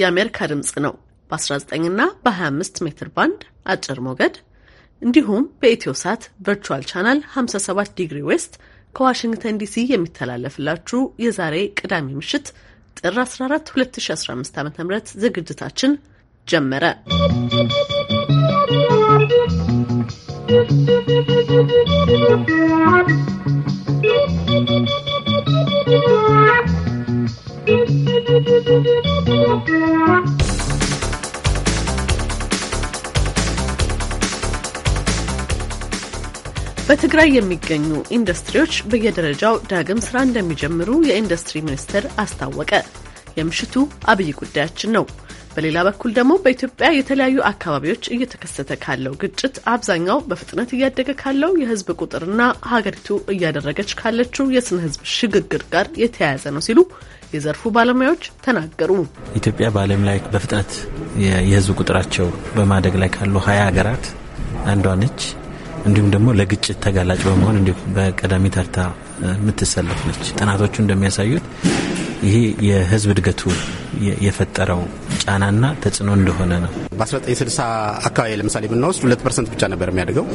የአሜሪካ ድምፅ ነው። በ19 እና በ25 ሜትር ባንድ አጭር ሞገድ እንዲሁም በኢትዮ ሳት ቨርቹዋል ቻናል 57 ዲግሪ ዌስት ከዋሽንግተን ዲሲ የሚተላለፍላችሁ የዛሬ ቅዳሜ ምሽት ጥር 14 2015 ም ዝግጅታችን ጀመረ። ¶¶ በትግራይ የሚገኙ ኢንዱስትሪዎች በየደረጃው ዳግም ስራ እንደሚጀምሩ የኢንዱስትሪ ሚኒስቴር አስታወቀ። የምሽቱ አብይ ጉዳያችን ነው። በሌላ በኩል ደግሞ በኢትዮጵያ የተለያዩ አካባቢዎች እየተከሰተ ካለው ግጭት አብዛኛው በፍጥነት እያደገ ካለው የህዝብ ቁጥርና ሀገሪቱ እያደረገች ካለችው የስነ ህዝብ ሽግግር ጋር የተያያዘ ነው ሲሉ የዘርፉ ባለሙያዎች ተናገሩ። ኢትዮጵያ በዓለም ላይ በፍጥነት የህዝብ ቁጥራቸው በማደግ ላይ ካሉ ሀያ ሀገራት አንዷ ነች። እንዲሁም ደግሞ ለግጭት ተጋላጭ በመሆን እንዲሁ በቀዳሚ ተርታ የምትሰለፍ ነች። ጥናቶቹ እንደሚያሳዩት ይሄ የህዝብ እድገቱ የፈጠረው ጫናና ተጽዕኖ እንደሆነ ነው። በ1960 አካባቢ ለምሳሌ ብንወስድ ሁለት ፐርሰንት ብቻ ነበር የሚያድገው።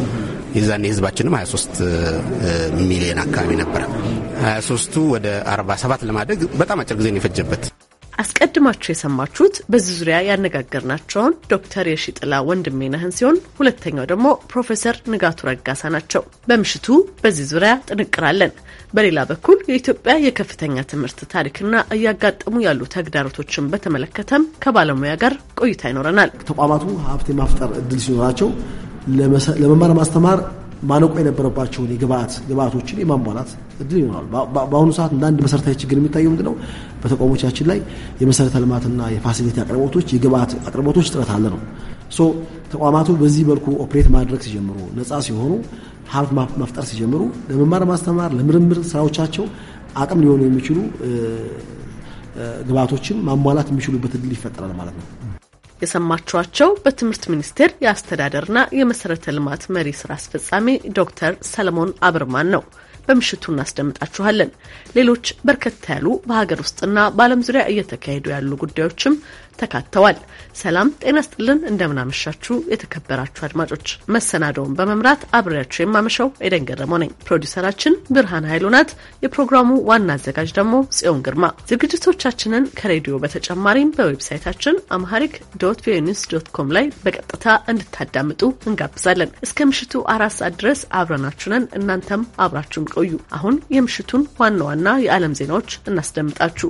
የዛኔ ህዝባችንም 23 ሚሊዮን አካባቢ ነበረ። 23ቱ ወደ 47 ለማደግ በጣም አጭር ጊዜ ነው የፈጀበት። አስቀድማችሁ የሰማችሁት በዚህ ዙሪያ ያነጋገርናቸውን ዶክተር የሺጥላ ወንድሜነህን ሲሆን ሁለተኛው ደግሞ ፕሮፌሰር ንጋቱ ረጋሳ ናቸው። በምሽቱ በዚህ ዙሪያ ጥንቅራለን። በሌላ በኩል የኢትዮጵያ የከፍተኛ ትምህርት ታሪክና እያጋጠሙ ያሉ ተግዳሮቶችን በተመለከተም ከባለሙያ ጋር ቆይታ ይኖረናል። ተቋማቱ ሀብት የማፍጠር እድል ሲኖራቸው ለመማር ማስተማር ማነቆ የነበረባቸውን የግብአት ግብአቶችን የማሟላት እድል ይኖራል። በአሁኑ ሰዓት እንደ አንድ መሰረታዊ ችግር የሚታየው ነው? በተቋሞቻችን ላይ የመሰረተ ልማትና የፋሲሊቲ አቅርቦቶች፣ የግብአት አቅርቦቶች እጥረት አለ ነው። ሶ ተቋማቱ በዚህ መልኩ ኦፕሬት ማድረግ ሲጀምሩ፣ ነፃ ሲሆኑ፣ ሀብት መፍጠር ሲጀምሩ፣ ለመማር ማስተማር፣ ለምርምር ስራዎቻቸው አቅም ሊሆኑ የሚችሉ ግብአቶችን ማሟላት የሚችሉበት እድል ይፈጠራል ማለት ነው። የሰማችኋቸው በትምህርት ሚኒስቴር የአስተዳደርና የመሰረተ ልማት መሪ ስራ አስፈጻሚ ዶክተር ሰለሞን አብርማን ነው። በምሽቱ እናስደምጣችኋለን። ሌሎች በርከት ያሉ በሀገር ውስጥና በዓለም ዙሪያ እየተካሄዱ ያሉ ጉዳዮችም ተካተዋል። ሰላም ጤና ስጥልን፣ እንደምናመሻችሁ የተከበራችሁ አድማጮች፣ መሰናደውን በመምራት አብሬያችሁ የማመሻው ኤደን ገረመው ነኝ። ፕሮዲውሰራችን ብርሃን ኃይሉ ናት። የፕሮግራሙ ዋና አዘጋጅ ደግሞ ጽዮን ግርማ። ዝግጅቶቻችንን ከሬዲዮ በተጨማሪም በዌብሳይታችን አምሃሪክ ዶት ቪኦኤ ኒውስ ዶት ኮም ላይ በቀጥታ እንድታዳምጡ እንጋብዛለን። እስከ ምሽቱ አራት ሰዓት ድረስ አብረናችሁ ነን። እናንተም አብራችሁን ቆዩ። አሁን የምሽቱን ዋና ዋና የዓለም ዜናዎች እናስደምጣችሁ።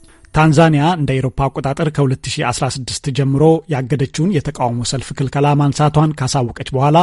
ታንዛኒያ እንደ ኤሮፓ አቆጣጠር ከ2016 ጀምሮ ያገደችውን የተቃውሞ ሰልፍ ክልከላ ማንሳቷን ካሳወቀች በኋላ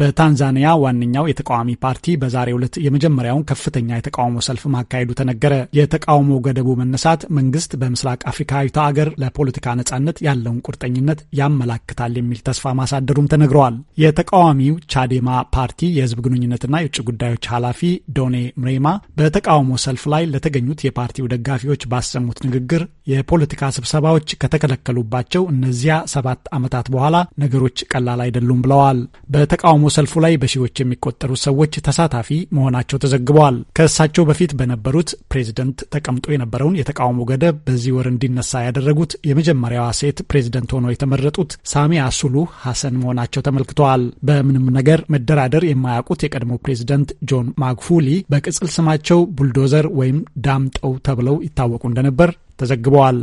በታንዛኒያ ዋነኛው የተቃዋሚ ፓርቲ በዛሬው ዕለት የመጀመሪያውን ከፍተኛ የተቃውሞ ሰልፍ ማካሄዱ ተነገረ። የተቃውሞ ገደቡ መነሳት መንግስት በምስራቅ አፍሪካዊቷ አገር ለፖለቲካ ነጻነት ያለውን ቁርጠኝነት ያመላክታል የሚል ተስፋ ማሳደሩም ተነግረዋል። የተቃዋሚው ቻዴማ ፓርቲ የህዝብ ግንኙነትና የውጭ ጉዳዮች ኃላፊ ዶኔ ምሬማ በተቃውሞ ሰልፍ ላይ ለተገኙት የፓርቲው ደጋፊዎች ባሰሙት ንግግር ንግግር፣ የፖለቲካ ስብሰባዎች ከተከለከሉባቸው እነዚያ ሰባት ዓመታት በኋላ ነገሮች ቀላል አይደሉም ብለዋል። በተቃውሞ ሰልፉ ላይ በሺዎች የሚቆጠሩ ሰዎች ተሳታፊ መሆናቸው ተዘግበዋል። ከእሳቸው በፊት በነበሩት ፕሬዝደንት ተቀምጦ የነበረውን የተቃውሞ ገደብ በዚህ ወር እንዲነሳ ያደረጉት የመጀመሪያዋ ሴት ፕሬዝደንት ሆነው የተመረጡት ሳሚያ ሱሉ ሐሰን መሆናቸው ተመልክተዋል። በምንም ነገር መደራደር የማያውቁት የቀድሞ ፕሬዝደንት ጆን ማግፉሊ በቅጽል ስማቸው ቡልዶዘር ወይም ዳምጠው ተብለው ይታወቁ እንደነበር ተዘግበዋል።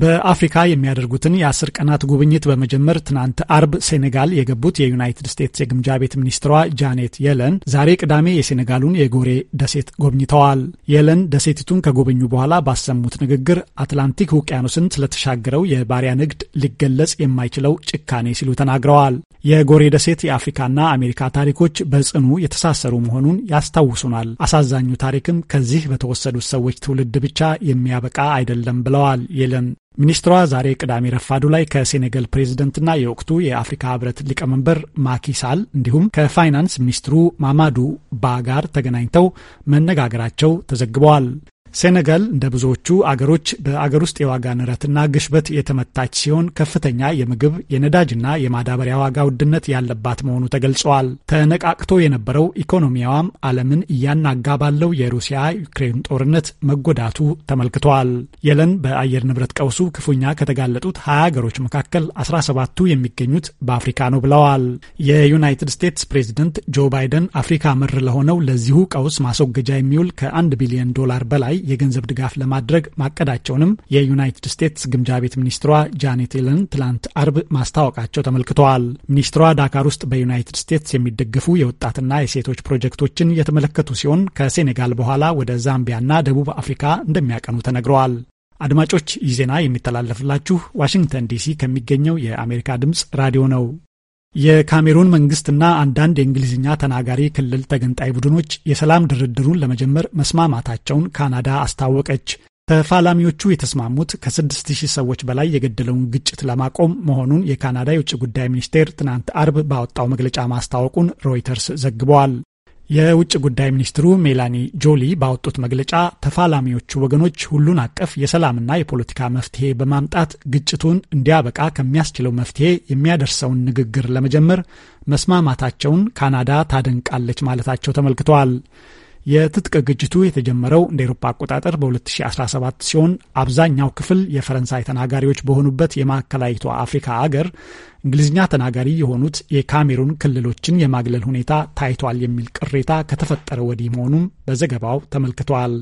በአፍሪካ የሚያደርጉትን የአስር ቀናት ጉብኝት በመጀመር ትናንት አርብ ሴኔጋል የገቡት የዩናይትድ ስቴትስ የግምጃ ቤት ሚኒስትሯ ጃኔት የለን ዛሬ ቅዳሜ የሴኔጋሉን የጎሬ ደሴት ጎብኝተዋል። የለን ደሴቲቱን ከጎበኙ በኋላ ባሰሙት ንግግር አትላንቲክ ውቅያኖስን ስለተሻገረው የባሪያ ንግድ ሊገለጽ የማይችለው ጭካኔ ሲሉ ተናግረዋል። የጎሬ ደሴት የአፍሪካና አሜሪካ ታሪኮች በጽኑ የተሳሰሩ መሆኑን ያስታውሱናል። አሳዛኙ ታሪክም ከዚህ በተወሰዱት ሰዎች ትውልድ ብቻ የሚያበቃ አይደለም ብለዋል የለን ሚኒስትሯ ዛሬ ቅዳሜ ረፋዱ ላይ ከሴኔጋል ፕሬዝደንትና የወቅቱ የአፍሪካ ህብረት ሊቀመንበር ማኪሳል እንዲሁም ከፋይናንስ ሚኒስትሩ ማማዱ ባ ጋር ተገናኝተው መነጋገራቸው ተዘግበዋል። ሴኔጋል እንደ ብዙዎቹ አገሮች በአገር ውስጥ የዋጋ ንረትና ግሽበት የተመታች ሲሆን ከፍተኛ የምግብ የነዳጅና የማዳበሪያ ዋጋ ውድነት ያለባት መሆኑ ተገልጸዋል። ተነቃቅቶ የነበረው ኢኮኖሚዋም ዓለምን እያናጋ ባለው የሩሲያ ዩክሬን ጦርነት መጎዳቱ ተመልክተዋል። የለን በአየር ንብረት ቀውሱ ክፉኛ ከተጋለጡት ሀያ አገሮች መካከል 17ቱ የሚገኙት በአፍሪካ ነው ብለዋል። የዩናይትድ ስቴትስ ፕሬዚደንት ጆ ባይደን አፍሪካ ምር ለሆነው ለዚሁ ቀውስ ማስወገጃ የሚውል ከአንድ ቢሊዮን ዶላር በላይ የገንዘብ ድጋፍ ለማድረግ ማቀዳቸውንም የዩናይትድ ስቴትስ ግምጃ ቤት ሚኒስትሯ ጃኔት ለን ትላንት አርብ ማስታወቃቸው ተመልክተዋል። ሚኒስትሯ ዳካር ውስጥ በዩናይትድ ስቴትስ የሚደገፉ የወጣትና የሴቶች ፕሮጀክቶችን የተመለከቱ ሲሆን ከሴኔጋል በኋላ ወደ ዛምቢያና ደቡብ አፍሪካ እንደሚያቀኑ ተነግረዋል። አድማጮች ይህ ዜና የሚተላለፍላችሁ ዋሽንግተን ዲሲ ከሚገኘው የአሜሪካ ድምፅ ራዲዮ ነው። የካሜሩን መንግስትና አንዳንድ የእንግሊዝኛ ተናጋሪ ክልል ተገንጣይ ቡድኖች የሰላም ድርድሩን ለመጀመር መስማማታቸውን ካናዳ አስታወቀች። ተፋላሚዎቹ የተስማሙት ከ6000 ሰዎች በላይ የገደለውን ግጭት ለማቆም መሆኑን የካናዳ የውጭ ጉዳይ ሚኒስቴር ትናንት አርብ ባወጣው መግለጫ ማስታወቁን ሮይተርስ ዘግበዋል። የውጭ ጉዳይ ሚኒስትሩ ሜላኒ ጆሊ ባወጡት መግለጫ ተፋላሚዎቹ ወገኖች ሁሉን አቀፍ የሰላምና የፖለቲካ መፍትሄ በማምጣት ግጭቱን እንዲያበቃ ከሚያስችለው መፍትሄ የሚያደርሰውን ንግግር ለመጀመር መስማማታቸውን ካናዳ ታደንቃለች ማለታቸው ተመልክተዋል። የትጥቅ ግጭቱ የተጀመረው እንደ ኤሮፓ አቆጣጠር በ2017 ሲሆን አብዛኛው ክፍል የፈረንሳይ ተናጋሪዎች በሆኑበት የማዕከላዊቷ አፍሪካ አገር እንግሊዝኛ ተናጋሪ የሆኑት የካሜሩን ክልሎችን የማግለል ሁኔታ ታይቷል የሚል ቅሬታ ከተፈጠረ ወዲህ መሆኑም በዘገባው ተመልክቷል።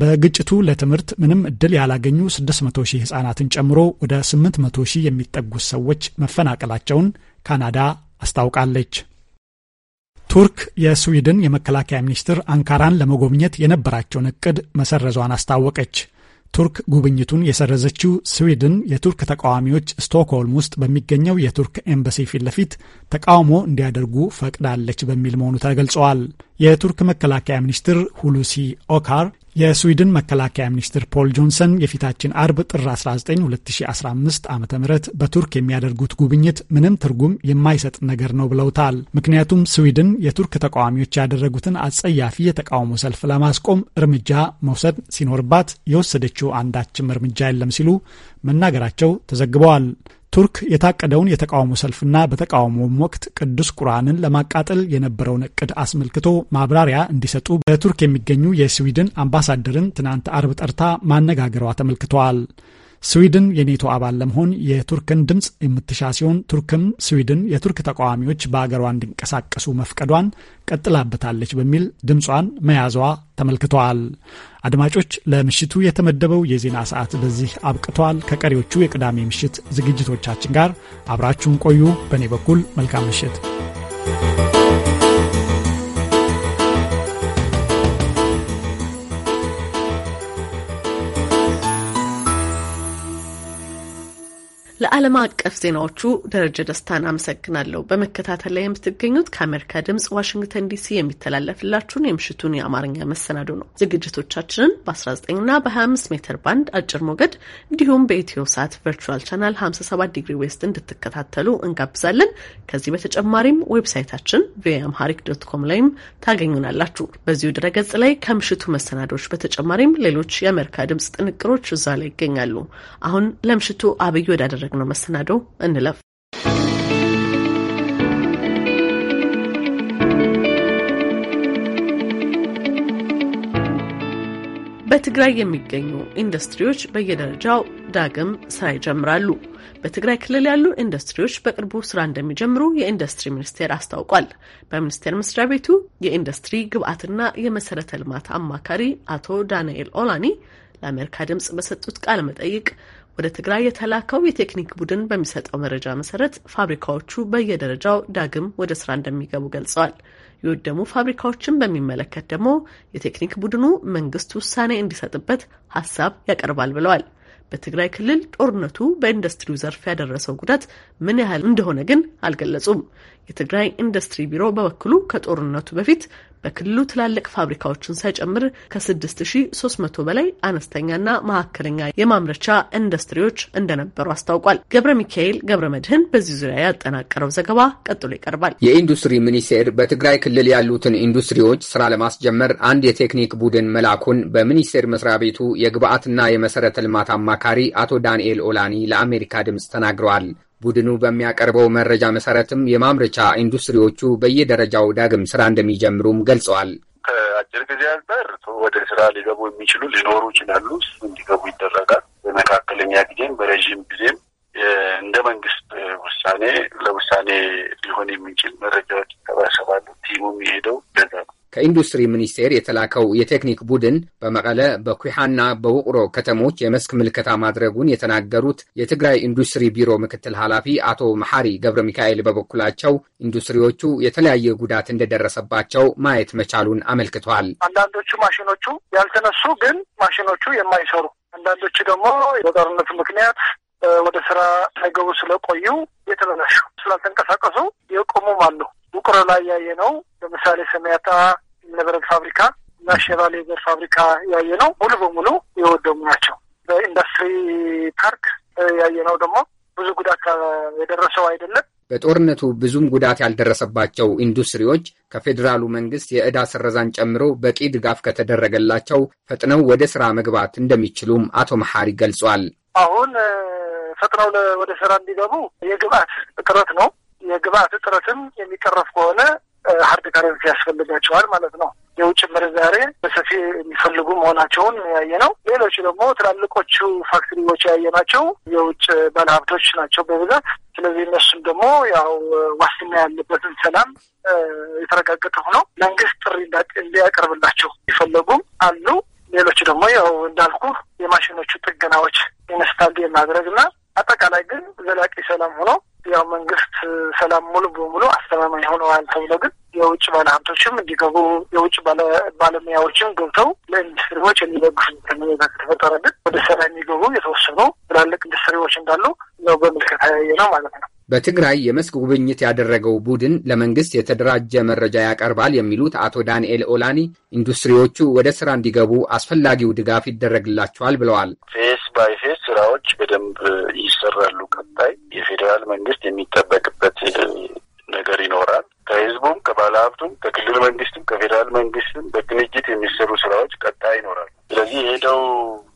በግጭቱ ለትምህርት ምንም እድል ያላገኙ 600 ሺህ ህጻናትን ጨምሮ ወደ 800 ሺህ የሚጠጉት ሰዎች መፈናቀላቸውን ካናዳ አስታውቃለች። ቱርክ የስዊድን የመከላከያ ሚኒስትር አንካራን ለመጎብኘት የነበራቸውን እቅድ መሰረዟን አስታወቀች። ቱርክ ጉብኝቱን የሰረዘችው ስዊድን የቱርክ ተቃዋሚዎች ስቶክሆልም ውስጥ በሚገኘው የቱርክ ኤምባሲ ፊት ለፊት ተቃውሞ እንዲያደርጉ ፈቅዳለች በሚል መሆኑ ተገልጸዋል። የቱርክ መከላከያ ሚኒስትር ሁሉሲ ኦካር የስዊድን መከላከያ ሚኒስትር ፖል ጆንሰን የፊታችን አርብ ጥር 19 2015 ዓ ም በቱርክ የሚያደርጉት ጉብኝት ምንም ትርጉም የማይሰጥ ነገር ነው ብለውታል። ምክንያቱም ስዊድን የቱርክ ተቃዋሚዎች ያደረጉትን አጸያፊ የተቃውሞ ሰልፍ ለማስቆም እርምጃ መውሰድ ሲኖርባት የወሰደችው አንዳችም እርምጃ የለም ሲሉ መናገራቸው ተዘግበዋል። ቱርክ የታቀደውን የተቃውሞ ሰልፍና በተቃውሞም ወቅት ቅዱስ ቁርአንን ለማቃጠል የነበረውን እቅድ አስመልክቶ ማብራሪያ እንዲሰጡ በቱርክ የሚገኙ የስዊድን አምባሳደርን ትናንት አርብ ጠርታ ማነጋገሯ ተመልክተዋል። ስዊድን የኔቶ አባል ለመሆን የቱርክን ድምፅ የምትሻ ሲሆን ቱርክም ስዊድን የቱርክ ተቃዋሚዎች በአገሯ እንዲንቀሳቀሱ መፍቀዷን ቀጥላበታለች በሚል ድምጿን መያዟ ተመልክተዋል። አድማጮች፣ ለምሽቱ የተመደበው የዜና ሰዓት በዚህ አብቅቷል። ከቀሪዎቹ የቅዳሜ ምሽት ዝግጅቶቻችን ጋር አብራችሁን ቆዩ። በእኔ በኩል መልካም ምሽት። ለዓለም አቀፍ ዜናዎቹ ደረጀ ደስታን አመሰግናለሁ። በመከታተል ላይ የምትገኙት ከአሜሪካ ድምጽ ዋሽንግተን ዲሲ የሚተላለፍላችሁን የምሽቱን የአማርኛ መሰናዶ ነው። ዝግጅቶቻችንን በ19ና በ25 ሜትር ባንድ አጭር ሞገድ እንዲሁም በኢትዮ ሳት ቨርቹዋል ቻናል 57 ዲግሪ ዌስት እንድትከታተሉ እንጋብዛለን። ከዚህ በተጨማሪም ዌብሳይታችን ቪኦኤ አምሃሪክ ዶት ኮም ላይም ታገኙናላችሁ። በዚሁ ድረገጽ ላይ ከምሽቱ መሰናዶች በተጨማሪም ሌሎች የአሜሪካ ድምጽ ጥንቅሮች እዛ ላይ ይገኛሉ። አሁን ለምሽቱ አብይ ወዳደረግ ወዳደረግነው መሰናዶ እንለፍ። በትግራይ የሚገኙ ኢንዱስትሪዎች በየደረጃው ዳግም ስራ ይጀምራሉ። በትግራይ ክልል ያሉ ኢንዱስትሪዎች በቅርቡ ስራ እንደሚጀምሩ የኢንዱስትሪ ሚኒስቴር አስታውቋል። በሚኒስቴር መስሪያ ቤቱ የኢንዱስትሪ ግብዓትና የመሰረተ ልማት አማካሪ አቶ ዳንኤል ኦላኒ ለአሜሪካ ድምጽ በሰጡት ቃለ መጠይቅ ወደ ትግራይ የተላከው የቴክኒክ ቡድን በሚሰጠው መረጃ መሰረት ፋብሪካዎቹ በየደረጃው ዳግም ወደ ስራ እንደሚገቡ ገልጸዋል። የወደሙ ፋብሪካዎችን በሚመለከት ደግሞ የቴክኒክ ቡድኑ መንግስት ውሳኔ እንዲሰጥበት ሀሳብ ያቀርባል ብለዋል። በትግራይ ክልል ጦርነቱ በኢንዱስትሪው ዘርፍ ያደረሰው ጉዳት ምን ያህል እንደሆነ ግን አልገለጹም። የትግራይ ኢንዱስትሪ ቢሮ በበኩሉ ከጦርነቱ በፊት በክልሉ ትላልቅ ፋብሪካዎችን ሳይጨምር ከ6300 በላይ አነስተኛና መካከለኛ የማምረቻ ኢንዱስትሪዎች እንደነበሩ አስታውቋል። ገብረ ሚካኤል ገብረ መድህን በዚህ ዙሪያ ያጠናቀረው ዘገባ ቀጥሎ ይቀርባል። የኢንዱስትሪ ሚኒስቴር በትግራይ ክልል ያሉትን ኢንዱስትሪዎች ስራ ለማስጀመር አንድ የቴክኒክ ቡድን መላኩን በሚኒስቴር መስሪያ ቤቱ የግብአትና የመሰረተ ልማት አማካሪ አቶ ዳንኤል ኦላኒ ለአሜሪካ ድምፅ ተናግረዋል። ቡድኑ በሚያቀርበው መረጃ መሰረትም የማምረቻ ኢንዱስትሪዎቹ በየደረጃው ዳግም ስራ እንደሚጀምሩም ገልጸዋል። ከአጭር ጊዜ አንጻር ወደ ስራ ሊገቡ የሚችሉ ሊኖሩ ይችላሉ። እንዲገቡ ይደረጋል። በመካከለኛ ጊዜም በረዥም ጊዜም እንደ መንግስት ውሳኔ ለውሳኔ ሊሆን የሚችል መረጃዎች ይሰባሰባሉ። ቲሙም የሄደው ገዛ ነው። ከኢንዱስትሪ ሚኒስቴር የተላከው የቴክኒክ ቡድን በመቀለ በኩሓና በውቅሮ ከተሞች የመስክ ምልከታ ማድረጉን የተናገሩት የትግራይ ኢንዱስትሪ ቢሮ ምክትል ኃላፊ አቶ መሐሪ ገብረ ሚካኤል በበኩላቸው ኢንዱስትሪዎቹ የተለያየ ጉዳት እንደደረሰባቸው ማየት መቻሉን አመልክቷል። አንዳንዶቹ ማሽኖቹ ያልተነሱ ግን ማሽኖቹ የማይሰሩ አንዳንዶቹ ደግሞ በጦርነቱ ምክንያት ወደ ስራ ሳይገቡ ስለቆዩ የተበላሹ ስላልተንቀሳቀሱ የቆሙም አሉ። ውቅሮ ላይ ያየ ነው። ለምሳሌ ሰሚያታ እምነበረድ ፋብሪካ እና ሼባ ሌዘር ፋብሪካ ያየ ነው ሙሉ በሙሉ የወደሙ ናቸው። በኢንዱስትሪ ፓርክ ያየ ነው ደግሞ ብዙ ጉዳት የደረሰው አይደለም። በጦርነቱ ብዙም ጉዳት ያልደረሰባቸው ኢንዱስትሪዎች ከፌዴራሉ መንግስት የዕዳ ስረዛን ጨምሮ በቂ ድጋፍ ከተደረገላቸው ፈጥነው ወደ ስራ መግባት እንደሚችሉም አቶ መሐሪ ገልጿል። አሁን ፈጥነው ወደ ስራ እንዲገቡ የግብአት እጥረት ነው። የግብአት እጥረትም የሚቀረፍ ከሆነ ሀርድ ከረንሲ ያስፈልጋቸዋል ማለት ነው። የውጭ ምንዛሬ በሰፊ የሚፈልጉ መሆናቸውን ያየ ነው። ሌሎቹ ደግሞ ትላልቆቹ ፋክትሪዎች ያየ ናቸው የውጭ ባለሀብቶች ናቸው በብዛት። ስለዚህ እነሱም ደግሞ ያው ዋስትና ያለበትን ሰላም የተረጋገጠ ሆኖ መንግስት ጥሪ እንዲያቀርብላቸው ይፈለጉም አሉ። ሌሎች ደግሞ ያው እንዳልኩ የማሽኖቹ ጥገናዎች ኢንስታል የማድረግ እና አጠቃላይ ግን ዘላቂ ሰላም ሆኖ ያው መንግስት ሰላም ሙሉ በሙሉ አስተማማኝ ሆነዋል ተብሎ ግን የውጭ ባለሀብቶችም እንዲገቡ የውጭ ባለሙያዎችም ገብተው ለኢንዱስትሪዎች የሚደግፉበት ሁኔታ ከተፈጠረ ግን ወደ ስራ የሚገቡ የተወሰኑ ትላልቅ ኢንዱስትሪዎች እንዳሉ ነው በምልከታ ያየ ነው ማለት ነው። በትግራይ የመስክ ጉብኝት ያደረገው ቡድን ለመንግስት የተደራጀ መረጃ ያቀርባል የሚሉት አቶ ዳንኤል ኦላኒ ኢንዱስትሪዎቹ ወደ ስራ እንዲገቡ አስፈላጊው ድጋፍ ይደረግላቸዋል ብለዋል። ፌስ ባይ ፌስ ስራዎች በደንብ ይሰራሉ። ቀጣይ የፌዴራል መንግስት የሚጠበቅበት ነገር ይኖራል። ከህዝቡም፣ ከባለሀብቱም፣ ከክልል መንግስትም፣ ከፌዴራል መንግስትም በቅንጅት የሚሰሩ ስራዎች ቀጣይ ይኖራል። ስለዚህ የሄደው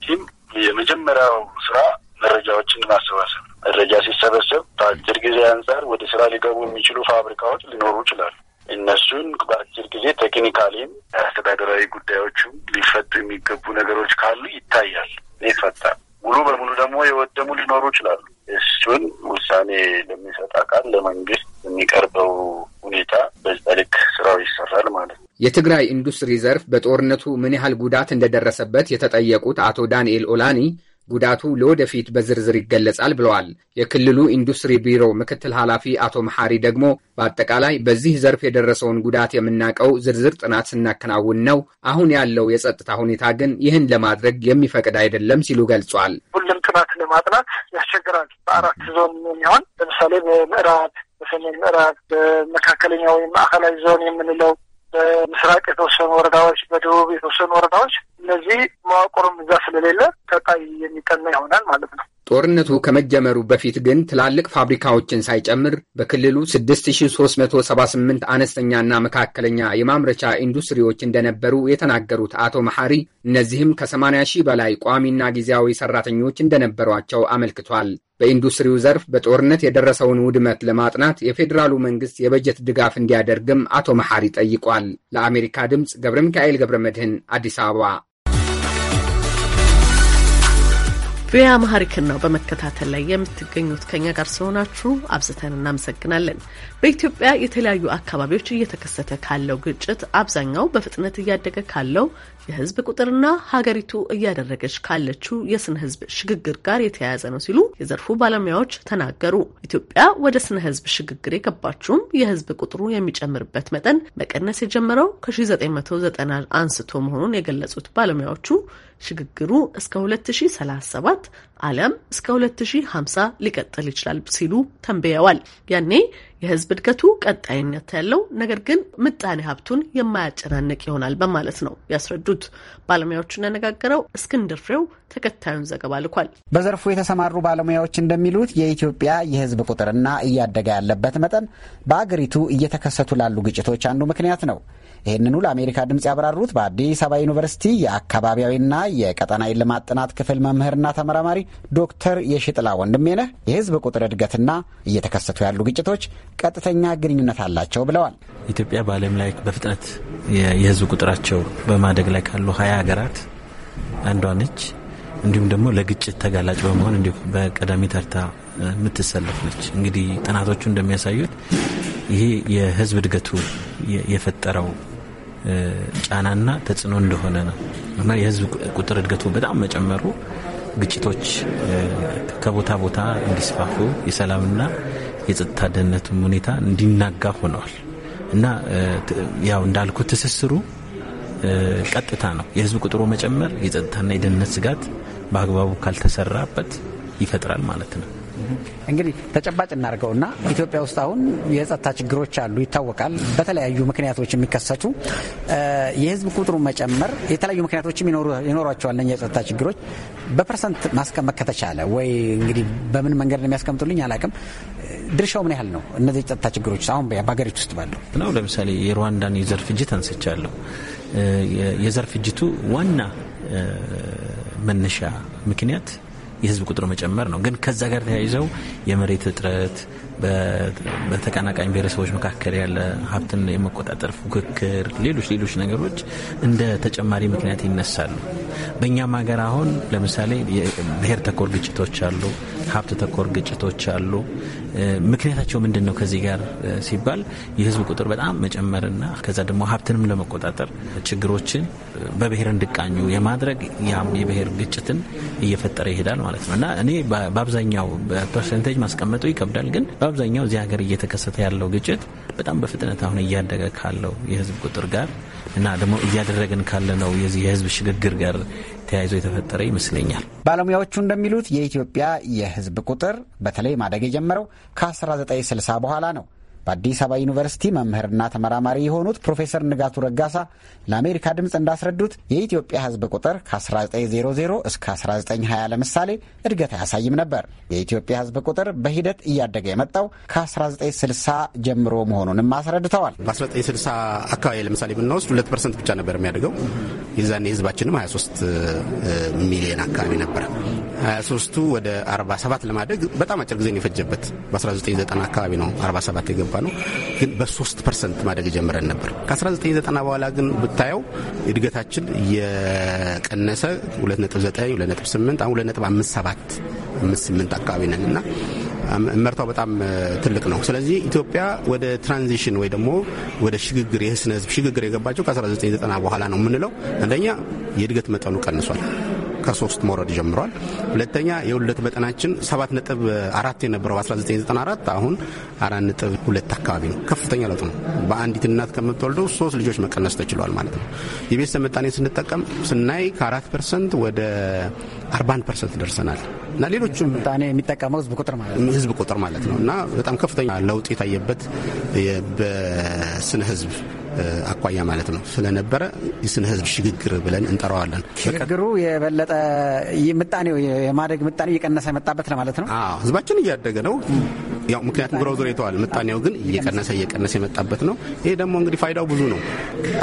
ቲም የመጀመሪያው ስራ መረጃዎችን ማሰባሰብ መረጃ ሲሰበሰብ በአጭር ጊዜ አንጻር ወደ ስራ ሊገቡ የሚችሉ ፋብሪካዎች ሊኖሩ ይችላሉ። እነሱን በአጭር ጊዜ ቴክኒካሊም አስተዳደራዊ ጉዳዮችም ሊፈቱ የሚገቡ ነገሮች ካሉ ይታያል፣ ይፈታል። ሙሉ በሙሉ ደግሞ የወደሙ ሊኖሩ ይችላሉ። እሱን ውሳኔ ለሚሰጥ አካል ለመንግስት የሚቀርበው ሁኔታ በዛ ልክ ስራው ይሰራል ማለት ነው። የትግራይ ኢንዱስትሪ ዘርፍ በጦርነቱ ምን ያህል ጉዳት እንደደረሰበት የተጠየቁት አቶ ዳንኤል ኦላኒ ጉዳቱ ለወደፊት በዝርዝር ይገለጻል ብለዋል። የክልሉ ኢንዱስትሪ ቢሮ ምክትል ኃላፊ አቶ መሐሪ ደግሞ በአጠቃላይ በዚህ ዘርፍ የደረሰውን ጉዳት የምናውቀው ዝርዝር ጥናት ስናከናውን ነው። አሁን ያለው የጸጥታ ሁኔታ ግን ይህን ለማድረግ የሚፈቅድ አይደለም ሲሉ ገልጿል። ሁሉም ጥናት ለማጥናት ያስቸግራል። በአራት ዞን የሚሆን ለምሳሌ በምዕራብ፣ በሰሜን ምዕራብ፣ በመካከለኛ ወይም ማዕከላዊ ዞን የምንለው በምስራቅ የተወሰኑ ወረዳዎች፣ በደቡብ የተወሰኑ ወረዳዎች እነዚህ መዋቅሩም እዛ ስለሌለ ተቃይ የሚጠና ይሆናል ማለት ነው። ጦርነቱ ከመጀመሩ በፊት ግን ትላልቅ ፋብሪካዎችን ሳይጨምር በክልሉ 6378 አነስተኛና መካከለኛ የማምረቻ ኢንዱስትሪዎች እንደነበሩ የተናገሩት አቶ መሐሪ እነዚህም ከ80 ሺህ በላይ ቋሚና ጊዜያዊ ሰራተኞች እንደነበሯቸው አመልክቷል። በኢንዱስትሪው ዘርፍ በጦርነት የደረሰውን ውድመት ለማጥናት የፌዴራሉ መንግስት የበጀት ድጋፍ እንዲያደርግም አቶ መሐሪ ጠይቋል። ለአሜሪካ ድምፅ ገብረ ሚካኤል ገብረ መድህን አዲስ አበባ ማሀሪክን ነው በመከታተል ላይ የምትገኙት። ከኛ ጋር ስለሆናችሁ አብዝተን እናመሰግናለን። በኢትዮጵያ የተለያዩ አካባቢዎች እየተከሰተ ካለው ግጭት አብዛኛው በፍጥነት እያደገ ካለው የህዝብ ቁጥርና ሀገሪቱ እያደረገች ካለችው የስነ ህዝብ ሽግግር ጋር የተያያዘ ነው ሲሉ የዘርፉ ባለሙያዎች ተናገሩ። ኢትዮጵያ ወደ ስነ ህዝብ ሽግግር የገባችውም የህዝብ ቁጥሩ የሚጨምርበት መጠን መቀነስ የጀመረው ከ1990 አንስቶ መሆኑን የገለጹት ባለሙያዎቹ ሽግግሩ እስከ 2037 አሊያም እስከ 2050 ሊቀጥል ይችላል ሲሉ ተንብየዋል። ያኔ የህዝብ እድገቱ ቀጣይነት ያለው ነገር ግን ምጣኔ ሀብቱን የማያጨናንቅ ይሆናል በማለት ነው ያስረዱት። ባለሙያዎቹን ያነጋገረው እስክንድር ፍሬው ተከታዩን ዘገባ ልኳል። በዘርፉ የተሰማሩ ባለሙያዎች እንደሚሉት የኢትዮጵያ የህዝብ ቁጥርና እያደገ ያለበት መጠን በአገሪቱ እየተከሰቱ ላሉ ግጭቶች አንዱ ምክንያት ነው። ይህንኑ ለአሜሪካ ድምፅ ያብራሩት በአዲስ አበባ ዩኒቨርሲቲ የአካባቢያዊና የቀጠናዊ ልማት ጥናት ክፍል መምህርና ተመራማሪ ዶክተር የሽጥላ ነህ የህዝብ ቁጥር እድገትና እየተከሰቱ ያሉ ግጭቶች ቀጥተኛ ግንኙነት አላቸው ብለዋል። ኢትዮጵያ በዓለም ላይ በፍጥነት የህዝብ ቁጥራቸው በማደግ ላይ ካሉ ሀያ ሀገራት አንዷ ነች። እንዲሁም ደግሞ ለግጭት ተጋላጭ በመሆን እንዲሁ በቀዳሚ ተርታ የምትሰለፍ ነች። እንግዲህ ጥናቶቹ እንደሚያሳዩት ይሄ የህዝብ እድገቱ የፈጠረው ጫናና ተጽዕኖ እንደሆነ ነው እና የህዝብ ቁጥር እድገቱ በጣም መጨመሩ ግጭቶች ከቦታ ቦታ እንዲስፋፉ የሰላምና የጸጥታ ደህንነቱም ሁኔታ እንዲናጋ ሆነዋል እና ያው እንዳልኩ ትስስሩ ቀጥታ ነው። የህዝብ ቁጥሩ መጨመር የጸጥታና የደህንነት ስጋት በአግባቡ ካልተሰራበት ይፈጥራል ማለት ነው። እንግዲህ ተጨባጭ እና ኢትዮጵያ ውስጥ አሁን የጸጥታ ችግሮች አሉ፣ ይታወቃል። በተለያዩ ምክንያቶች የሚከሰቱ የህዝብ ቁጥሩ መጨመር የተለያዩ ምክንያቶችም ይኖሯቸዋል። እነኛ የጸጥታ ችግሮች በፐርሰንት ማስቀመጥ ከተቻለ ወይ እንግዲህ በምን መንገድ ነው የሚያስቀምጡልኝ አላቅም። ድርሻው ምን ያህል ነው? እነዚህ የጸጥታ ችግሮች አሁን በሀገሪቱ ውስጥ ባለው ነው። ለምሳሌ የሩዋንዳን የዘር ፍጅት አንስቻለሁ። የዘር ፍጅቱ ዋና መነሻ ምክንያት የህዝብ ቁጥር መጨመር ነው። ግን ከዛ ጋር ተያይዘው የመሬት እጥረት፣ በተቀናቃኝ ብሔረሰቦች መካከል ያለ ሀብትን የመቆጣጠር ፉክክር፣ ሌሎች ሌሎች ነገሮች እንደ ተጨማሪ ምክንያት ይነሳሉ። በእኛም ሀገር አሁን ለምሳሌ ብሔር ተኮር ግጭቶች አሉ። ሀብት ተኮር ግጭቶች አሉ። ምክንያታቸው ምንድን ነው ከዚህ ጋር ሲባል የህዝብ ቁጥር በጣም መጨመርና ከዛ ደግሞ ሀብትንም ለመቆጣጠር ችግሮችን በብሔር እንዲቃኙ የማድረግ ያም የብሔር ግጭትን እየፈጠረ ይሄዳል ማለት ነው እና እኔ በአብዛኛው በፐርሰንቴጅ ማስቀመጡ ይከብዳል፣ ግን በአብዛኛው እዚህ ሀገር እየተከሰተ ያለው ግጭት በጣም በፍጥነት አሁን እያደገ ካለው የህዝብ ቁጥር ጋር እና ደግሞ እያደረግን ካለነው የዚህ የህዝብ ሽግግር ጋር ተያይዞ የተፈጠረ ይመስለኛል። ባለሙያዎቹ እንደሚሉት የኢትዮጵያ የህዝብ ቁጥር በተለይ ማደግ የጀመረው ከ1960 በኋላ ነው። በአዲስ አበባ ዩኒቨርሲቲ መምህርና ተመራማሪ የሆኑት ፕሮፌሰር ንጋቱ ረጋሳ ለአሜሪካ ድምፅ እንዳስረዱት የኢትዮጵያ ሕዝብ ቁጥር ከ1900 እስከ 1920 ለምሳሌ እድገት አያሳይም ነበር። የኢትዮጵያ ሕዝብ ቁጥር በሂደት እያደገ የመጣው ከ1960 ጀምሮ መሆኑንም አስረድተዋል። በ1960 አካባቢ ለምሳሌ ብንወስድ 2 ፐርሰንት ብቻ ነበር የሚያድገው። የዛኔ ሕዝባችንም 23 ሚሊዮን አካባቢ ነበር። 23ቱ ወደ 47 ለማደግ በጣም አጭር ጊዜ ነው የፈጀበት። በ1990 አካባቢ ነው 47 የገባ ነው። ግን በ3 ፐርሰንት ማደግ ጀምረን ነበር። ከ1990 በኋላ ግን ብታየው እድገታችን የቀነሰ 2.9፣ አሁን 58 አካባቢ ነን እና መርታው በጣም ትልቅ ነው። ስለዚህ ኢትዮጵያ ወደ ትራንዚሽን ወይ ደግሞ ወደ ሽግግር የስነ ህዝብ ሽግግር የገባቸው ከ1990 በኋላ ነው የምንለው። አንደኛ የእድገት መጠኑ ቀንሷል። ከሶስት መውረድ ጀምሯል። ሁለተኛ የውልደት መጠናችን ሰባት ነጥብ አራት የነበረው በ1994 አሁን አራት ነጥብ ሁለት አካባቢ ነው። ከፍተኛ ለውጥ ነው። በአንዲት እናት ከምትወልደው ሶስት ልጆች መቀነስ ተችሏል ማለት ነው። የቤተሰብ ምጣኔ ስንጠቀም ስናይ ከአራት ፐርሰንት ወደ አርባ አንድ ፐርሰንት ደርሰናል እና ሌሎችም ጣኔ የሚጠቀመው ህዝብ ቁጥር ማለት ነው ህዝብ ቁጥር ማለት ነው እና በጣም ከፍተኛ ለውጥ የታየበት በስነ ህዝብ አኳያ ማለት ነው ስለነበረ የስነ ህዝብ ሽግግር ብለን እንጠራዋለን። ሽግግሩ የበለጠ ምጣኔው የማደግ ምጣኔው እየቀነሰ መጣበት ለማለት ነው። ህዝባችን እያደገ ነው ያው ምክንያቱም ግሮዝ ሬቷል ምጣኔው ግን እየቀነሰ እየቀነሰ የመጣበት ነው። ይሄ ደግሞ እንግዲህ ፋይዳው ብዙ ነው።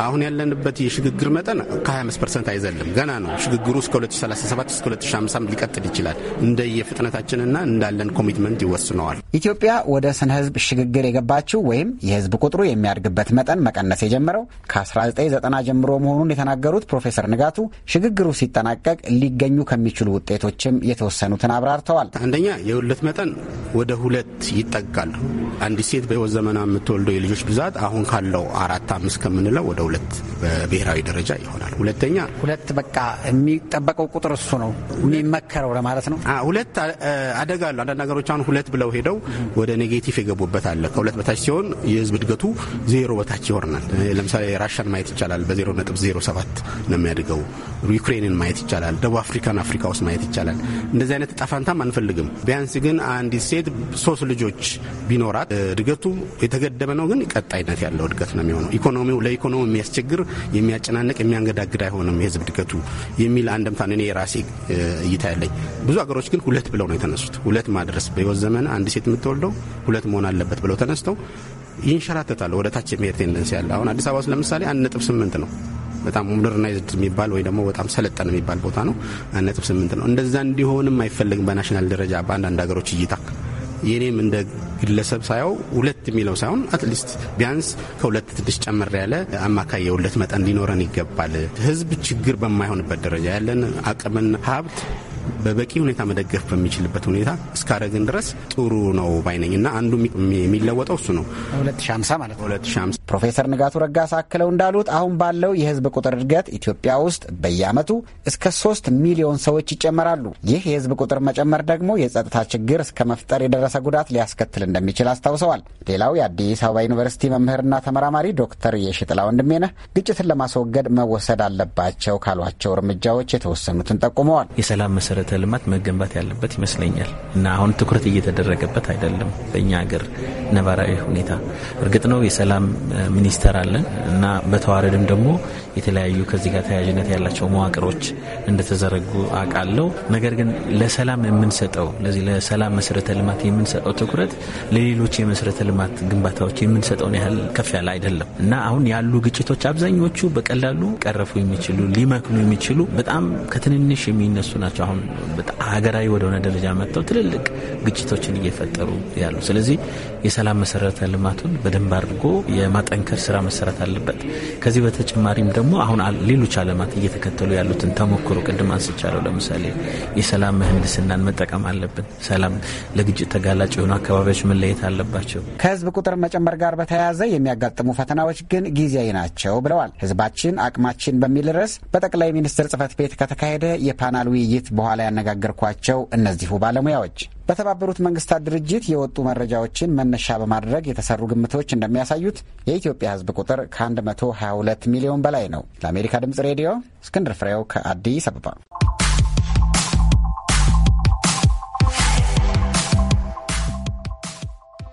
አሁን ያለንበት የሽግግር መጠን ከ25 ፐርሰንት አይዘልም ገና ነው። ሽግግሩ እስከ 2037 እስከ 2050 ሊቀጥል ይችላል። እንደየፍጥነታችንና እንዳለን ኮሚትመንት ይወስነዋል። ኢትዮጵያ ወደ ስነ ህዝብ ሽግግር የገባችው ወይም የህዝብ ቁጥሩ የሚያድግበት መጠን መቀነስ የጀመረው ከ1990 ጀምሮ መሆኑን የተናገሩት ፕሮፌሰር ንጋቱ ሽግግሩ ሲጠናቀቅ ሊገኙ ከሚችሉ ውጤቶችም የተወሰኑትን አብራርተዋል። አንደኛ የሁለት መጠን ወደ ሁለት ይጠቃል አንዲት ሴት በህይወት ዘመና የምትወልደው የልጆች ብዛት አሁን ካለው አራት አምስት ከምንለው ወደ ሁለት በብሔራዊ ደረጃ ይሆናል። ሁለተኛ ሁለት በቃ የሚጠበቀው ቁጥር እሱ ነው የሚመከረው ለማለት ነው። ሁለት አደጋ አሉ። አንዳንድ ሀገሮች አሁን ሁለት ብለው ሄደው ወደ ኔጌቲቭ የገቡበት አለ። ከሁለት በታች ሲሆን የህዝብ እድገቱ ዜሮ በታች ይሆናል። ለምሳሌ ራሻን ማየት ይቻላል። በዜሮ ነጥብ ዜሮ ሰባት ነው የሚያድገው። ዩክሬንን ማየት ይቻላል። ደቡብ አፍሪካን አፍሪካ ውስጥ ማየት ይቻላል። እንደዚህ አይነት ጣፋንታም አንፈልግም። ቢያንስ ግን አንዲት ሴት ሶስት ልጆ ልጆች ቢኖራት እድገቱ የተገደበ ነው፣ ግን ቀጣይነት ያለው እድገት ነው የሚሆነው። ኢኮኖሚው ለኢኮኖሚ የሚያስቸግር የሚያጨናንቅ፣ የሚያንገዳግድ አይሆንም የህዝብ እድገቱ የሚል አንድምታ እኔ የራሴ እይታ ያለኝ። ብዙ ሀገሮች ግን ሁለት ብለው ነው የተነሱት። ሁለት ማድረስ በህይወት ዘመን አንድ ሴት የምትወልደው ሁለት መሆን አለበት ብለው ተነስተው ይንሸራተታል። ወደ ታች የሚሄድ ቴንደንስ ያለ አሁን አዲስ አበባ ውስጥ ለምሳሌ አንድ ነጥብ ስምንት ነው በጣም ሞደርናይዝድ የሚባል ወይ ደግሞ በጣም ሰለጠን የሚባል ቦታ ነው። ነጥብ ስምንት ነው። እንደዛ እንዲሆንም አይፈልግም በናሽናል ደረጃ በአንዳንድ ሀገሮች እይታ የኔም እንደ ግለሰብ ሳየው ሁለት የሚለው ሳይሆን አትሊስት ቢያንስ ከሁለት ትንሽ ጨምር ያለ አማካይ የሁለት መጠን ሊኖረን ይገባል። ህዝብ ችግር በማይሆንበት ደረጃ ያለን አቅምን ሀብት በበቂ ሁኔታ መደገፍ በሚችልበት ሁኔታ እስካደረግን ድረስ ጥሩ ነው ባይነኝ እና አንዱ የሚለወጠው እሱ ነው። 2050 ማለት ነው። 2050 ፕሮፌሰር ንጋቱ ረጋሳ አክለው እንዳሉት አሁን ባለው የህዝብ ቁጥር እድገት ኢትዮጵያ ውስጥ በየዓመቱ እስከ ሶስት ሚሊዮን ሰዎች ይጨመራሉ። ይህ የህዝብ ቁጥር መጨመር ደግሞ የጸጥታ ችግር እስከ መፍጠር የደረሰ ጉዳት ሊያስከትል እንደሚችል አስታውሰዋል። ሌላው የአዲስ አበባ ዩኒቨርሲቲ መምህርና ተመራማሪ ዶክተር የሽጥላ ወንድሜነህ ግጭትን ለማስወገድ መወሰድ አለባቸው ካሏቸው እርምጃዎች የተወሰኑትን ጠቁመዋል። የሰላም መሰረተ ልማት መገንባት ያለበት ይመስለኛል እና አሁን ትኩረት እየተደረገበት አይደለም በእኛ ሀገር ነባራዊ ሁኔታ። እርግጥ ነው የሰላም ሚኒስተር አለን እና በተዋረድም ደግሞ የተለያዩ ከዚህ ጋር ተያያዥነት ያላቸው መዋቅሮች እንደተዘረጉ አውቃለሁ። ነገር ግን ለሰላም የምንሰጠው ለዚህ ለሰላም መሰረተ ልማት የምንሰጠው ትኩረት ለሌሎች የመሰረተ ልማት ግንባታዎች የምንሰጠውን ያህል ከፍ ያለ አይደለም እና አሁን ያሉ ግጭቶች አብዛኞቹ በቀላሉ ቀረፉ የሚችሉ ሊመክኑ የሚችሉ በጣም ከትንንሽ የሚነሱ ናቸው። አሁን ሀገራዊ ወደሆነ ደረጃ መጥተው ትልልቅ ግጭቶችን እየፈጠሩ ያሉ ስለዚህ የሰላም መሰረተ ልማቱን በደንብ አድርጎ የማ ጠንከር ስራ መሰራት አለበት። ከዚህ በተጨማሪም ደግሞ አሁን ሌሎች አለማት እየተከተሉ ያሉትን ተሞክሮ ቅድም አንስቻለሁ። ለምሳሌ የሰላም ምህንድስናን መጠቀም አለብን። ሰላም ለግጭት ተጋላጭ የሆኑ አካባቢዎች መለየት አለባቸው። ከህዝብ ቁጥር መጨመር ጋር በተያያዘ የሚያጋጥሙ ፈተናዎች ግን ጊዜያዊ ናቸው ብለዋል። ህዝባችን አቅማችን በሚል ርዕስ በጠቅላይ ሚኒስትር ጽህፈት ቤት ከተካሄደ የፓናል ውይይት በኋላ ያነጋገርኳቸው እነዚሁ ባለሙያዎች በተባበሩት መንግስታት ድርጅት የወጡ መረጃዎችን መነሻ በማድረግ የተሰሩ ግምቶች እንደሚያሳዩት የኢትዮጵያ ሕዝብ ቁጥር ከ122 ሚሊዮን በላይ ነው። ለአሜሪካ ድምጽ ሬዲዮ እስክንድር ፍሬው ከአዲስ አበባ።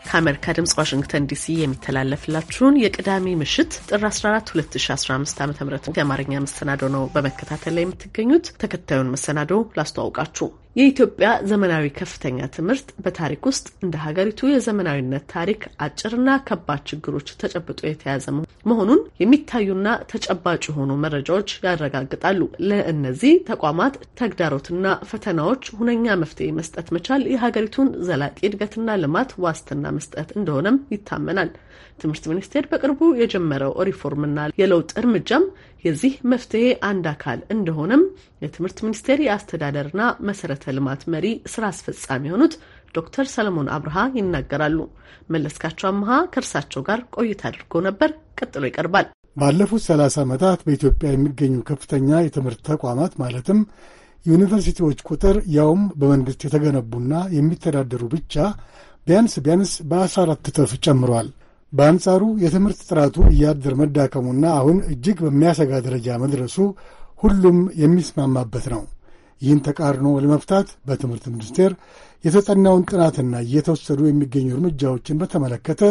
ከአሜሪካ ድምጽ ዋሽንግተን ዲሲ የሚተላለፍላችሁን የቅዳሜ ምሽት ጥር 14 2015 ዓ ም የአማርኛ መሰናዶ ነው በመከታተል ላይ የምትገኙት። ተከታዩን መሰናዶ ላስተዋውቃችሁ። የኢትዮጵያ ዘመናዊ ከፍተኛ ትምህርት በታሪክ ውስጥ እንደ ሀገሪቱ የዘመናዊነት ታሪክ አጭርና ከባድ ችግሮች ተጨብጦ የተያዘ መሆኑን የሚታዩና ተጨባጭ የሆኑ መረጃዎች ያረጋግጣሉ። ለእነዚህ ተቋማት ተግዳሮትና ፈተናዎች ሁነኛ መፍትሄ መስጠት መቻል የሀገሪቱን ዘላቂ እድገትና ልማት ዋስትና መስጠት እንደሆነም ይታመናል። ትምህርት ሚኒስቴር በቅርቡ የጀመረው ሪፎርምና የለውጥ እርምጃም የዚህ መፍትሄ አንድ አካል እንደሆነም የትምህርት ሚኒስቴር የአስተዳደርና መሰረተ ልማት መሪ ስራ አስፈጻሚ የሆኑት ዶክተር ሰለሞን አብርሃ ይናገራሉ። መለስካቸው አምሃ ከእርሳቸው ጋር ቆይታ አድርጎ ነበር። ቀጥሎ ይቀርባል። ባለፉት 30 ዓመታት በኢትዮጵያ የሚገኙ ከፍተኛ የትምህርት ተቋማት ማለትም ዩኒቨርሲቲዎች ቁጥር ያውም በመንግሥት የተገነቡና የሚተዳደሩ ብቻ ቢያንስ ቢያንስ በ14 እጥፍ ጨምሯል። በአንጻሩ የትምህርት ጥራቱ እያደር መዳከሙና አሁን እጅግ በሚያሰጋ ደረጃ መድረሱ ሁሉም የሚስማማበት ነው። ይህን ተቃርኖ ለመፍታት በትምህርት ሚኒስቴር የተጠናውን ጥናትና እየተወሰዱ የሚገኙ እርምጃዎችን በተመለከተ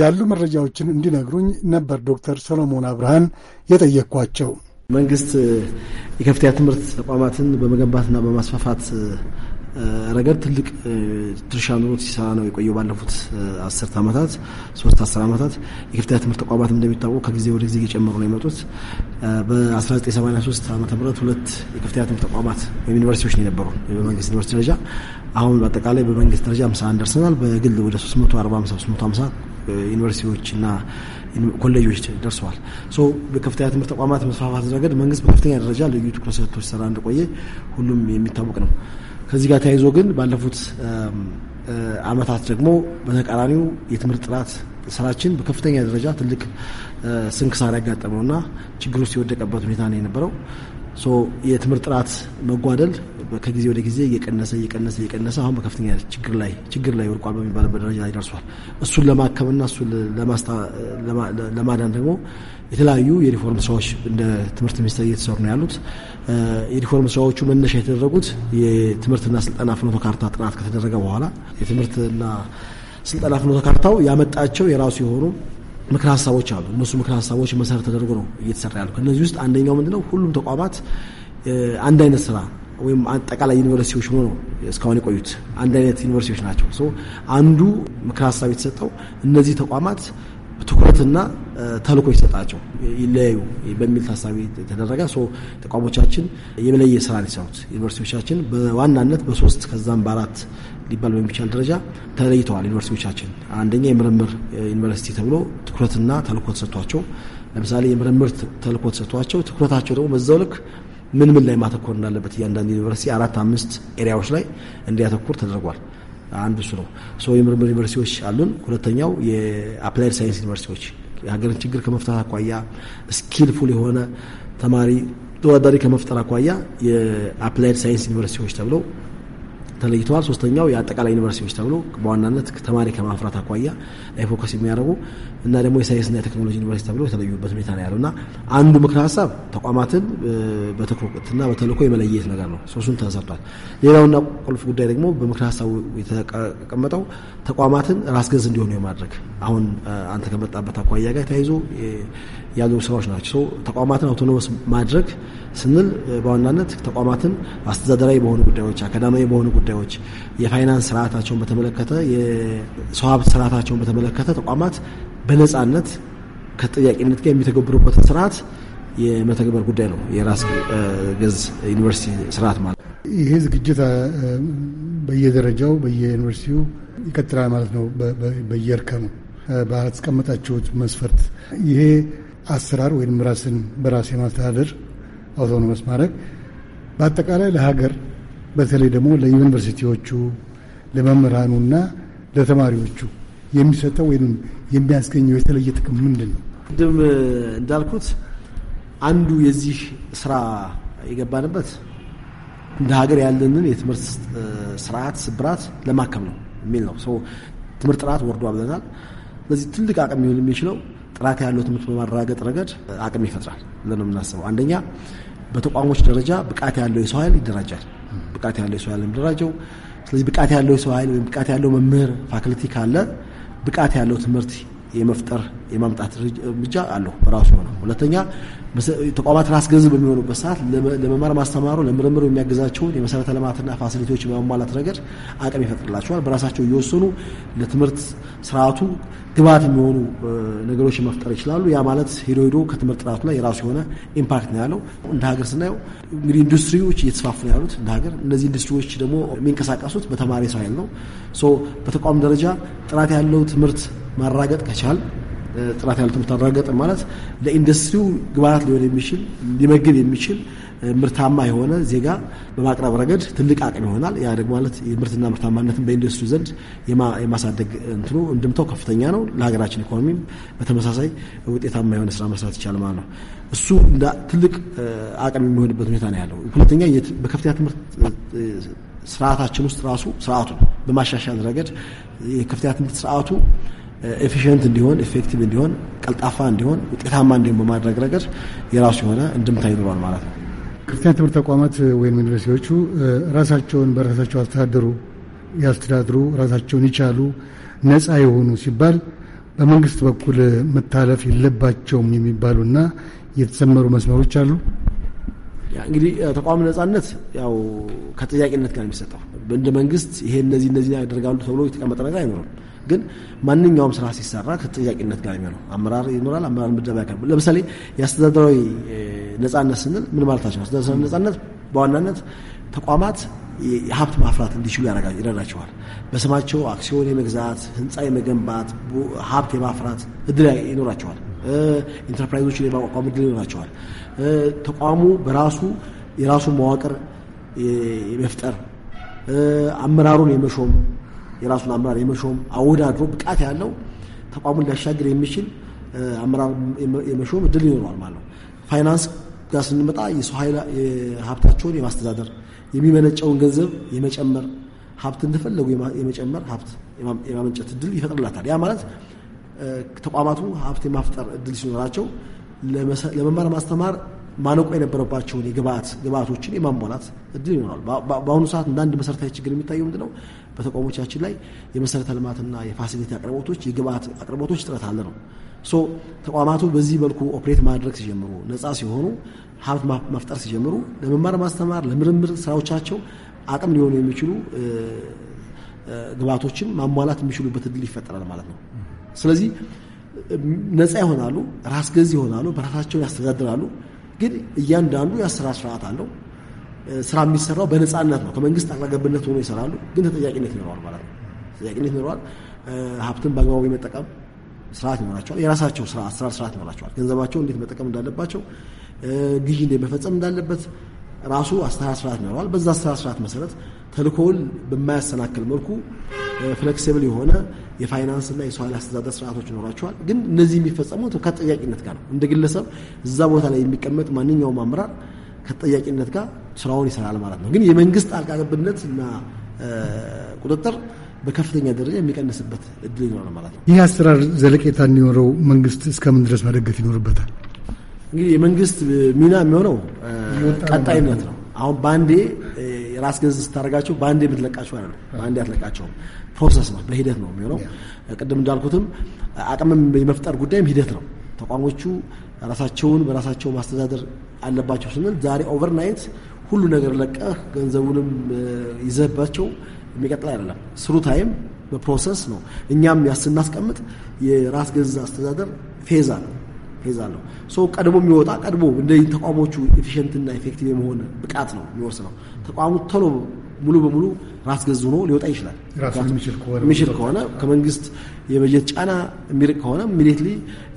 ያሉ መረጃዎችን እንዲነግሩኝ ነበር ዶክተር ሰሎሞን አብርሃን የጠየቅኳቸው። መንግስት የከፍተኛ ትምህርት ተቋማትን በመገንባትና በማስፋፋት ረገድ ትልቅ ድርሻ ኑሮት ሲሰራ ነው የቆየው። ባለፉት አስርት ዓመታት ሶስት አስር ዓመታት የከፍተኛ ትምህርት ተቋማት እንደሚታወቁ ከጊዜ ወደ ጊዜ እየጨመሩ ነው የመጡት። በ1983 ዓ ም ሁለት የከፍተኛ ትምህርት ተቋማት ወይም ዩኒቨርሲቲዎች ነው የነበሩ በመንግስት ዩኒቨርሲቲ ደረጃ። አሁን በአጠቃላይ በመንግስት ደረጃ 51 ደርሰናል። በግል ወደ 345 ዩኒቨርሲቲዎች እና ኮሌጆች ደርሰዋል። በከፍተኛ ትምህርት ተቋማት መስፋፋት ረገድ መንግስት በከፍተኛ ደረጃ ልዩ ትኩረት ሰጥቶ ሲሰራ እንደቆየ ሁሉም የሚታወቅ ነው። ከዚህ ጋር ተያይዞ ግን ባለፉት ዓመታት ደግሞ በተቃራኒው የትምህርት ጥራት ስራችን በከፍተኛ ደረጃ ትልቅ ስንክሳር ያጋጠመውና ችግር ውስጥ የወደቀበት ሁኔታ ነው የነበረው። የትምህርት ጥራት መጓደል ከጊዜ ወደ ጊዜ እየቀነሰ እየቀነሰ እየቀነሰ አሁን በከፍተኛ ችግር ላይ ችግር ላይ ወድቋል በሚባለበት ደረጃ ላይ ደርሷል። እሱን ለማከምና እሱን ለማዳን ደግሞ የተለያዩ የሪፎርም ስራዎች እንደ ትምህርት ሚኒስቴር እየተሰሩ ነው ያሉት። የሪፎርም ስራዎቹ መነሻ የተደረጉት የትምህርትና ስልጠና ፍኖተ ካርታ ጥናት ከተደረገ በኋላ የትምህርትና ስልጠና ፍኖተ ካርታው ያመጣቸው የራሱ የሆኑ ምክር ሀሳቦች አሉ። እነሱ ምክር ሀሳቦች መሰረት ተደርጎ ነው እየተሰራ ያሉ። ከእነዚህ ውስጥ አንደኛው ምንድነው ሁሉም ተቋማት አንድ አይነት ስራ ወይም አጠቃላይ ዩኒቨርሲቲዎች ሆኖ ነው እስካሁን የቆዩት። አንድ አይነት ዩኒቨርሲቲዎች ናቸው። አንዱ ምክር ሀሳብ የተሰጠው እነዚህ ተቋማት ትኩረትና ተልኮ ይሰጣቸው ይለያዩ በሚል ታሳቢ የተደረገ ተቋሞቻችን የመለየ ስራ ሊሰሩት ዩኒቨርሲቲዎቻችን በዋናነት በሶስት ከዛም በአራት ሊባል በሚቻል ደረጃ ተለይተዋል። ዩኒቨርሲቲዎቻችን አንደኛ የምርምር ዩኒቨርሲቲ ተብሎ ትኩረትና ተልኮ ተሰጥቷቸው ለምሳሌ የምርምር ተልኮ ተሰጥቷቸው ትኩረታቸው ደግሞ በዛው ልክ ምን ምን ላይ ማተኮር እንዳለበት እያንዳንዱ ዩኒቨርሲቲ አራት አምስት ኤሪያዎች ላይ እንዲያተኩር ተደርጓል። አንዱ እሱ ነው። ሰው የምርምር ዩኒቨርሲቲዎች አሉን። ሁለተኛው የአፕላይድ ሳይንስ ዩኒቨርሲቲዎች የሀገርን ችግር ከመፍታት አኳያ ስኪልፉል የሆነ ተማሪ ተወዳዳሪ ከመፍጠር አኳያ የአፕላይድ ሳይንስ ዩኒቨርሲቲዎች ተብለው ተለይተዋል። ሶስተኛው የአጠቃላይ ዩኒቨርሲቲዎች ተብሎ በዋናነት ተማሪ ከማፍራት አኳያ ላይ ፎከስ የሚያደርጉ እና ደግሞ የሳይንስና የቴክኖሎጂ ዩኒቨርሲቲ ተብሎ የተለዩበት ሁኔታ ነው ያለው እና አንዱ ምክር ሀሳብ ተቋማትን በትኩረትና በተልእኮ የመለየት ነገር ነው። ሶሱን ተሰርቷል። ሌላውና ቁልፍ ጉዳይ ደግሞ በምክር ሀሳቡ የተቀመጠው ተቋማትን ራስ ገዝ እንዲሆኑ የማድረግ አሁን አንተ ከመጣበት አኳያ ጋር ተያይዞ ያሉ ስራዎች ናቸው። ተቋማትን አውቶኖመስ ማድረግ ስንል በዋናነት ተቋማትን አስተዳደራዊ በሆኑ ጉዳዮች፣ አካዳሚያዊ በሆኑ ጉዳዮች፣ የፋይናንስ ስርዓታቸውን በተመለከተ የሰው ሀብት ስርዓታቸውን በተመለከተ የተመለከተ ተቋማት በነፃነት ከተጠያቂነት ጋር የሚተገብሩበትን ስርዓት የመተግበር ጉዳይ ነው። የራስ ገዝ ዩኒቨርሲቲ ስርዓት ማለት ይሄ ዝግጅት በየደረጃው በየዩኒቨርሲቲው ይቀጥላል ማለት ነው። በየእርከኑ ባስቀመጣችሁት መስፈርት ይሄ አሰራር ወይም ራስን በራስ የማስተዳደር አውቶኖመስ ማድረግ በአጠቃላይ ለሀገር በተለይ ደግሞ ለዩኒቨርሲቲዎቹ ለመምህራኑና ለተማሪዎቹ የሚሰጠው ወይም የሚያስገኘው የተለየ ጥቅም ምንድን ነው? ቅድም እንዳልኩት አንዱ የዚህ ስራ የገባንበት እንደ ሀገር ያለንን የትምህርት ስርዓት ስብራት ለማከም ነው የሚል ነው። ሰው ትምህርት ጥራት ወርዶ ብለናል። ስለዚህ ትልቅ አቅም ሊሆን የሚችለው ጥራት ያለው ትምህርት በማረጋገጥ ረገድ አቅም ይፈጥራል ብለን የምናስበው አንደኛ በተቋሞች ደረጃ ብቃት ያለው የሰው ኃይል ይደራጃል። ብቃት ያለው የሰው ኃይል የሚደራጀው ስለዚህ ብቃት ያለው የሰው ኃይል ወይም ብቃት ያለው መምህር ፋክልቲ ካለ ብቃት ያለው ትምህርት የመፍጠር የማምጣት እርምጃ አለው በራሱ ሆነ። ሁለተኛ ተቋማት ራስ ገዝ በሚሆኑበት ሰዓት ለመማር ማስተማሩ ለምርምር የሚያግዛቸውን የመሰረተ ልማትና ፋሲሊቲዎች በማሟላት ረገድ አቅም ይፈጥርላቸዋል። በራሳቸው እየወሰኑ ለትምህርት ስርዓቱ ግባት የሚሆኑ ነገሮች መፍጠር ይችላሉ። ያ ማለት ሄዶ ሄዶ ከትምህርት ጥራቱ ላይ የራሱ የሆነ ኢምፓክት ነው ያለው። እንደ ሀገር ስናየው እንግዲህ ኢንዱስትሪዎች እየተስፋፉ ነው ያሉት እንደ ሀገር። እነዚህ ኢንዱስትሪዎች ደግሞ የሚንቀሳቀሱት በተማሪ ሰው ኃይል ነው። ሶ በተቋም ደረጃ ጥራት ያለው ትምህርት ማራገጥ ከቻል ጥራት ያለው ትምህርት ማራገጥ ማለት ለኢንዱስትሪው ግብዓት ሊሆን የሚችል ሊመግብ የሚችል ምርታማ የሆነ ዜጋ በማቅረብ ረገድ ትልቅ አቅም ይሆናል። ያ ደግሞ ማለት የምርትና ምርታማነትን በኢንዱስትሪ ዘንድ የማሳደግ እንትኑ እንድምታው ከፍተኛ ነው። ለሀገራችን ኢኮኖሚም በተመሳሳይ ውጤታማ የሆነ ስራ መስራት ይቻላል ማለት ነው። እሱ እንደ ትልቅ አቅም የሚሆንበት ሁኔታ ነው ያለው። ሁለተኛ በከፍተኛ ትምህርት ስርዓታችን ውስጥ ራሱ ስርዓቱን በማሻሻል ረገድ የከፍተኛ ትምህርት ስርዓቱ ኤፊሽንት እንዲሆን ኤፌክቲቭ እንዲሆን ቀልጣፋ እንዲሆን ውጤታማ እንዲሆን በማድረግ ረገድ የራሱ የሆነ እንድምታ ይኖረዋል ማለት ነው። ክርስቲያን ትምህርት ተቋማት ወይም ዩኒቨርሲቲዎቹ ራሳቸውን በራሳቸው አስተዳደሩ ያስተዳድሩ፣ ራሳቸውን ይቻሉ፣ ነፃ የሆኑ ሲባል በመንግስት በኩል መታለፍ የለባቸውም የሚባሉና የተሰመሩ መስመሮች አሉ። እንግዲህ ተቋም ነጻነት ያው ከጥያቄነት ጋር የሚሰጠው እንደ መንግስት ይሄ እነዚህ እነዚህ ያደርጋሉ ተብሎ የተቀመጠ ነገር አይኖርም። ግን ማንኛውም ስራ ሲሰራ ከጥያቄነት ጋር የሚሆነው አመራር ይኖራል። አመራር ምደባ ያቀርብ። ለምሳሌ የአስተዳደራዊ ነጻነት ስንል ምን ማለታቸው? አስተዳደራዊ ነጻነት በዋናነት ተቋማት የሀብት ማፍራት እንዲችሉ ይረዳቸዋል። በስማቸው አክሲዮን የመግዛት፣ ህንፃ የመገንባት፣ ሀብት የማፍራት እድል ይኖራቸዋል። ኢንተርፕራይዞችን የማቋቋም እድል ይኖራቸዋል። ተቋሙ በራሱ የራሱን መዋቅር የመፍጠር አመራሩን የመሾም የራሱን አመራር የመሾም አወዳድሮ ብቃት ያለው ተቋሙን ሊያሻግር የሚችል አመራር የመሾም እድል ይኖረዋል ማለት ነው። ፋይናንስ ጋር ስንመጣ የሰው ኃይል ሀብታቸውን የማስተዳደር የሚመነጨውን ገንዘብ የመጨመር ሀብት እንደፈለጉ የመጨመር ሀብት የማመንጨት እድል ይፈጥርላታል። ያ ማለት ተቋማቱ ሀብት የማፍጠር እድል ሲኖራቸው ለመማር ማስተማር ማነቆ የነበረባቸውን የግብአት ግብአቶችን የማሟላት እድል ይኖራል። በአሁኑ ሰዓት እንደ አንድ መሰረታዊ ችግር የሚታየው ምንድን ነው? በተቋሞቻችን ላይ የመሰረተ ልማትና የፋሲሊቲ አቅርቦቶች፣ የግብአት አቅርቦቶች እጥረት አለ ነው። ሶ ተቋማቱ በዚህ መልኩ ኦፕሬት ማድረግ ሲጀምሩ፣ ነፃ ሲሆኑ፣ ሀብት መፍጠር ሲጀምሩ ለመማር ማስተማር፣ ለምርምር ስራዎቻቸው አቅም ሊሆኑ የሚችሉ ግብአቶችን ማሟላት የሚችሉበት እድል ይፈጠራል ማለት ነው። ስለዚህ ነፃ ይሆናሉ፣ ራስ ገዝ ይሆናሉ፣ በራሳቸውን ያስተዳድራሉ። ግን እያንዳንዱ የአሰራር ስርዓት አለው። ስራ የሚሰራው በነፃነት ነው። ከመንግስት ጣልቃ ገብነት ሆኖ ይሰራሉ፣ ግን ተጠያቂነት ይኖረዋል ማለት ነው። ተጠያቂነት ይኖረዋል። ሀብትን በአግባቡ የመጠቀም ስርዓት ይኖራቸዋል። የራሳቸው አሰራር ስርዓት ይኖራቸዋል። ገንዘባቸው እንዴት መጠቀም እንዳለባቸው፣ ግዢ እንዴት መፈጸም እንዳለበት ራሱ አሰራር ስርዓት ይኖረዋል። በዛ አሰራር ስርዓት መሰረት ተልኮውን በማያሰናክል መልኩ ፍሌክሲብል የሆነ የፋይናንስና የሰው ኃይል አስተዳደር ስርዓቶች ይኖራቸዋል። ግን እነዚህ የሚፈጸሙት ከተጠያቂነት ጋር ነው። እንደ ግለሰብ እዛ ቦታ ላይ የሚቀመጥ ማንኛውም አመራር ከተጠያቂነት ጋር ስራውን ይሰራል ማለት ነው። ግን የመንግስት ጣልቃ እና ቁጥጥር በከፍተኛ ደረጃ የሚቀንስበት እድል ይኖራል ማለት ነው። ይህ አሰራር ዘለቄታ እንዲኖረው መንግስት እስከምን ድረስ መደገፍ ይኖርበታል? እንግዲህ የመንግስት ሚና የሚሆነው ቀጣይነት ነው። አሁን በአንዴ ራስ ገዝ ስታደርጋቸው በአንድ የምትለቃቸው አይደለም። በአንድ ያትለቃቸውም ፕሮሰስ ነው፣ በሂደት ነው የሚሆነው። ቅድም እንዳልኩትም አቅምም የመፍጠር ጉዳይም ሂደት ነው። ተቋሞቹ ራሳቸውን በራሳቸው ማስተዳደር አለባቸው ስንል ዛሬ ኦቨርናይት ሁሉ ነገር ለቀህ ገንዘቡንም ይዘህባቸው የሚቀጥል አይደለም። ስሩ ታይም በፕሮሰስ ነው። እኛም ስናስቀምጥ የራስ ገዝ አስተዳደር ፌዝ አለው ፌዝ ሶ ቀድሞ የሚወጣ ቀድሞ እንደ ተቋሞቹ ኤፊሽንትና ኤፌክቲቭ የመሆን ብቃት ነው የሚወርስ ነው። ተቋሙ ቶሎ ሙሉ በሙሉ ራስ ገዝ ሆኖ ሊወጣ ይችላል። የሚችል ከሆነ ከመንግስት የበጀት ጫና የሚርቅ ከሆነ ሚሌትሊ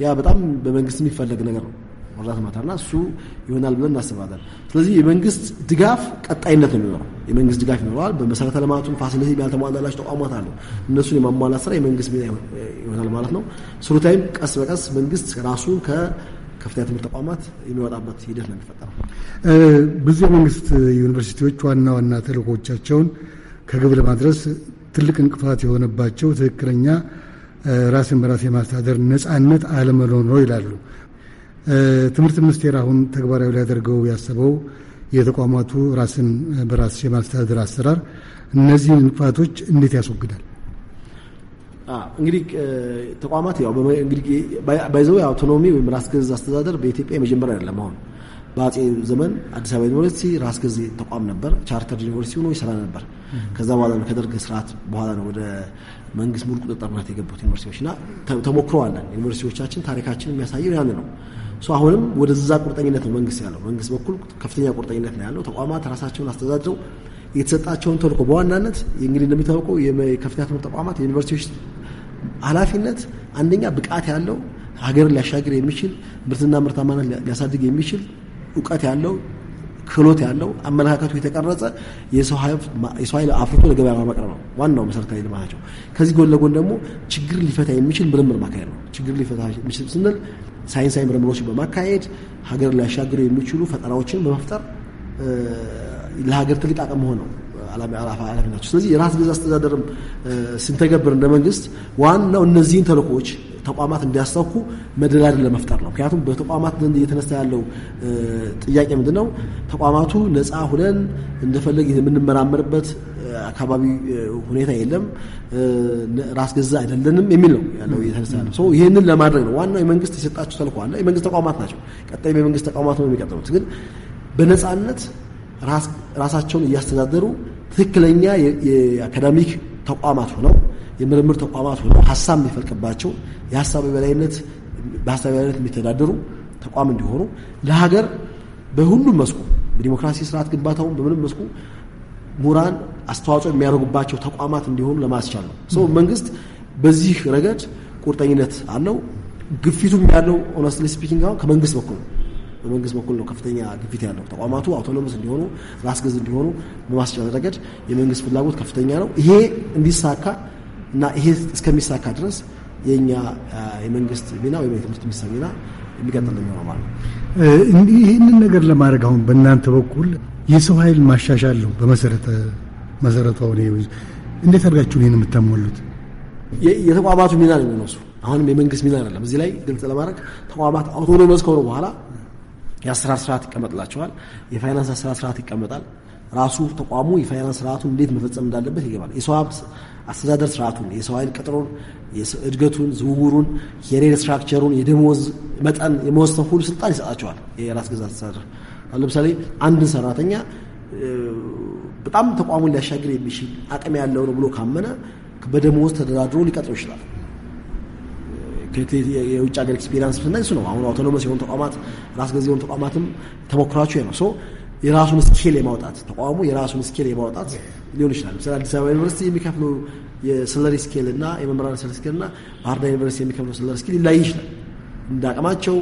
ያ በጣም በመንግስት የሚፈለግ ነገር ነው መርዳት ማታና እሱ ይሆናል ብለን እናስባለን። ስለዚህ የመንግስት ድጋፍ ቀጣይነት ነው የሚኖረው። የመንግስት ድጋፍ ይኖረዋል። በመሰረተ ልማቱን ፋሲሊቲ ያልተሟላላቸው ተቋማት አሉ። እነሱን የማሟላት ስራ የመንግስት ሚና ይሆናል ማለት ነው። ስሩታይም ቀስ በቀስ መንግስት ራሱን ከ ከፍተኛ ትምህርት ተቋማት የሚወጣበት ሂደት ነው የሚፈጠረው። ብዙ የመንግስት ዩኒቨርሲቲዎች ዋና ዋና ተልእኮቻቸውን ከግብ ለማድረስ ትልቅ እንቅፋት የሆነባቸው ትክክለኛ ራስን በራስ የማስተዳደር ነጻነት አለመኖር ነው ይላሉ። ትምህርት ሚኒስቴር አሁን ተግባራዊ ሊያደርገው ያሰበው የተቋማቱ ራስን በራስ የማስተዳደር አሰራር እነዚህን እንቅፋቶች እንዴት ያስወግዳል? እንግዲህ ተቋማት ያው ባይዘው አውቶኖሚ ወይም ራስ ገዝ አስተዳደር በኢትዮጵያ የመጀመሪያ አይደለም። አሁን በአጼ ዘመን አዲስ አበባ ዩኒቨርሲቲ ራስ ገዝ ተቋም ነበር፣ ቻርተር ዩኒቨርሲቲ ሆኖ ይሰራ ነበር። ከዛ በኋላ ነው ከደርግ ስርዓት በኋላ ነው ወደ መንግስት ሙሉ ቁጥጥር የገቡት ዩኒቨርሲቲዎች እና ተሞክረዋለን። ዩኒቨርሲቲዎቻችን ታሪካችን የሚያሳየው ያን ነው። አሁንም ወደዛ ቁርጠኝነት ነው መንግስት ያለው። መንግስት በኩል ከፍተኛ ቁርጠኝነት ነው ያለው። ተቋማት ራሳቸውን አስተዳድረው የተሰጣቸውን ተልእኮ በዋናነት እንግዲህ እንደሚታወቀው የከፍተኛ ትምህርት ተቋማት ዩኒቨርሲቲዎች ኃላፊነት አንደኛ ብቃት ያለው ሀገርን ሊያሻግር የሚችል ምርትና ምርታማነት ሊያሳድግ የሚችል እውቀት ያለው ክህሎት ያለው አመለካከቱ የተቀረጸ የሰው ኃይል አፍርቶ ለገበያ ማቅረብ ነው ዋናው መሰረታዊ ልማታቸው። ከዚህ ጎን ለጎን ደግሞ ችግር ሊፈታ የሚችል ምርምር ማካሄድ ነው። ችግር ሊፈታ የሚችል ስንል ሳይንሳዊ ምርምሮችን በማካሄድ ሀገር ሊያሻግሩ የሚችሉ ፈጠራዎችን በመፍጠር ለሀገር ትልቅ አቅም ሆነው ኃላፊናቸው። ስለዚህ የራስ ገዛ አስተዳደርም ስንተገብር እንደ መንግስት ዋናው እነዚህን ተልእኮዎች ተቋማት እንዲያሳኩ መደላደል ለመፍጠር ነው። ምክንያቱም በተቋማት ዘንድ እየተነሳ ያለው ጥያቄ ምንድን ነው? ተቋማቱ ነፃ ሁነን እንደፈለግ የምንመራመርበት አካባቢ ሁኔታ የለም፣ ራስ ገዛ አይደለንም የሚል ነው ያለው እየተነሳ ያለው ሰው። ይህንን ለማድረግ ነው ዋናው የመንግስት የሰጣቸው ተልእኮ አለ። የመንግስት ተቋማት ናቸው፣ ቀጣይም የመንግስት ተቋማት ነው የሚቀጥሉት ግን በነፃነት ራሳቸውን እያስተዳደሩ ትክክለኛ የአካዳሚክ ተቋማት ሆነው የምርምር ተቋማት ሆነው ሀሳብ የሚፈልቅባቸው የሀሳብ የበላይነት በሀሳብ የበላይነት የሚተዳደሩ ተቋም እንዲሆኑ ለሀገር በሁሉም መስኩ በዲሞክራሲ ስርዓት ግንባታውን በምንም መስኩ ምሁራን አስተዋጽኦ የሚያደርጉባቸው ተቋማት እንዲሆኑ ለማስቻል ነው። ሰው መንግስት በዚህ ረገድ ቁርጠኝነት አለው። ግፊቱም ያለው ኦነስትሊ ስፒኪንግ ከመንግስት በኩል ነው። በመንግስት በኩል ነው ከፍተኛ ግፊት ያለው። ተቋማቱ አውቶኖመስ እንዲሆኑ ራስ ገዝ እንዲሆኑ በማስቻል ረገድ የመንግስት ፍላጎት ከፍተኛ ነው። ይሄ እንዲሳካ እና ይሄ እስከሚሳካ ድረስ የእኛ የመንግስት ሚና ወይም የትምህርት ሚኒስትር ሚና የሚቀጥል የሚሆነው ማለት ነው። ይህንን ነገር ለማድረግ አሁን በእናንተ በኩል የሰው ኃይል ማሻሻል ነው በመሰረተ መሰረቷ ሆነ እንዴት አድርጋችሁ ይህን የምታሟሉት? የተቋማቱ ሚና ነው የሚነሱ አሁንም የመንግስት ሚና አይደለም። እዚህ ላይ ግልጽ ለማድረግ ተቋማት አውቶኖመስ ከሆኑ በኋላ የአሰራር ስርዓት ይቀመጥላቸዋል። የፋይናንስ አሰራር ስርዓት ይቀመጣል። ራሱ ተቋሙ የፋይናንስ ስርዓቱን እንዴት መፈጸም እንዳለበት ይገባል። የሰው ሀብት አስተዳደር ስርዓቱን፣ የሰው ኃይል ቅጥሩን፣ እድገቱን፣ ዝውውሩን፣ የሬል ስትራክቸሩን፣ የደሞዝ መጠን የመወሰን ሁሉ ስልጣን ይሰጣቸዋል። የራስ ገዛ አስተዳደር ለምሳሌ አንድን ሰራተኛ በጣም ተቋሙን ሊያሻግር የሚችል አቅም ያለው ነው ብሎ ካመነ በደሞዝ ተደራድሮ ሊቀጥረው ይችላል። የውጭ ሀገር ኤክስፒሪንስ ስናይ እሱ ነው። አሁን አውቶኖመስ የሆኑ ተቋማት ራስ ገዝ የሆኑ ተቋማትም ተሞክራቸው ነው ሶ የራሱን ስኬል የማውጣት ተቋሙ የራሱን ስኬል የማውጣት ሊሆን ይችላል። ምሳሌ አዲስ አበባ ዩኒቨርሲቲ የሚከፍለው የሰለሪ ስኬል እና የመምህራን ሰለሪ ስኬል እና ባህር ዳር ዩኒቨርሲቲ የሚከፍለው ሰለሪ ስኬል ሊለያይ ይችላል፣ እንደ አቅማቸው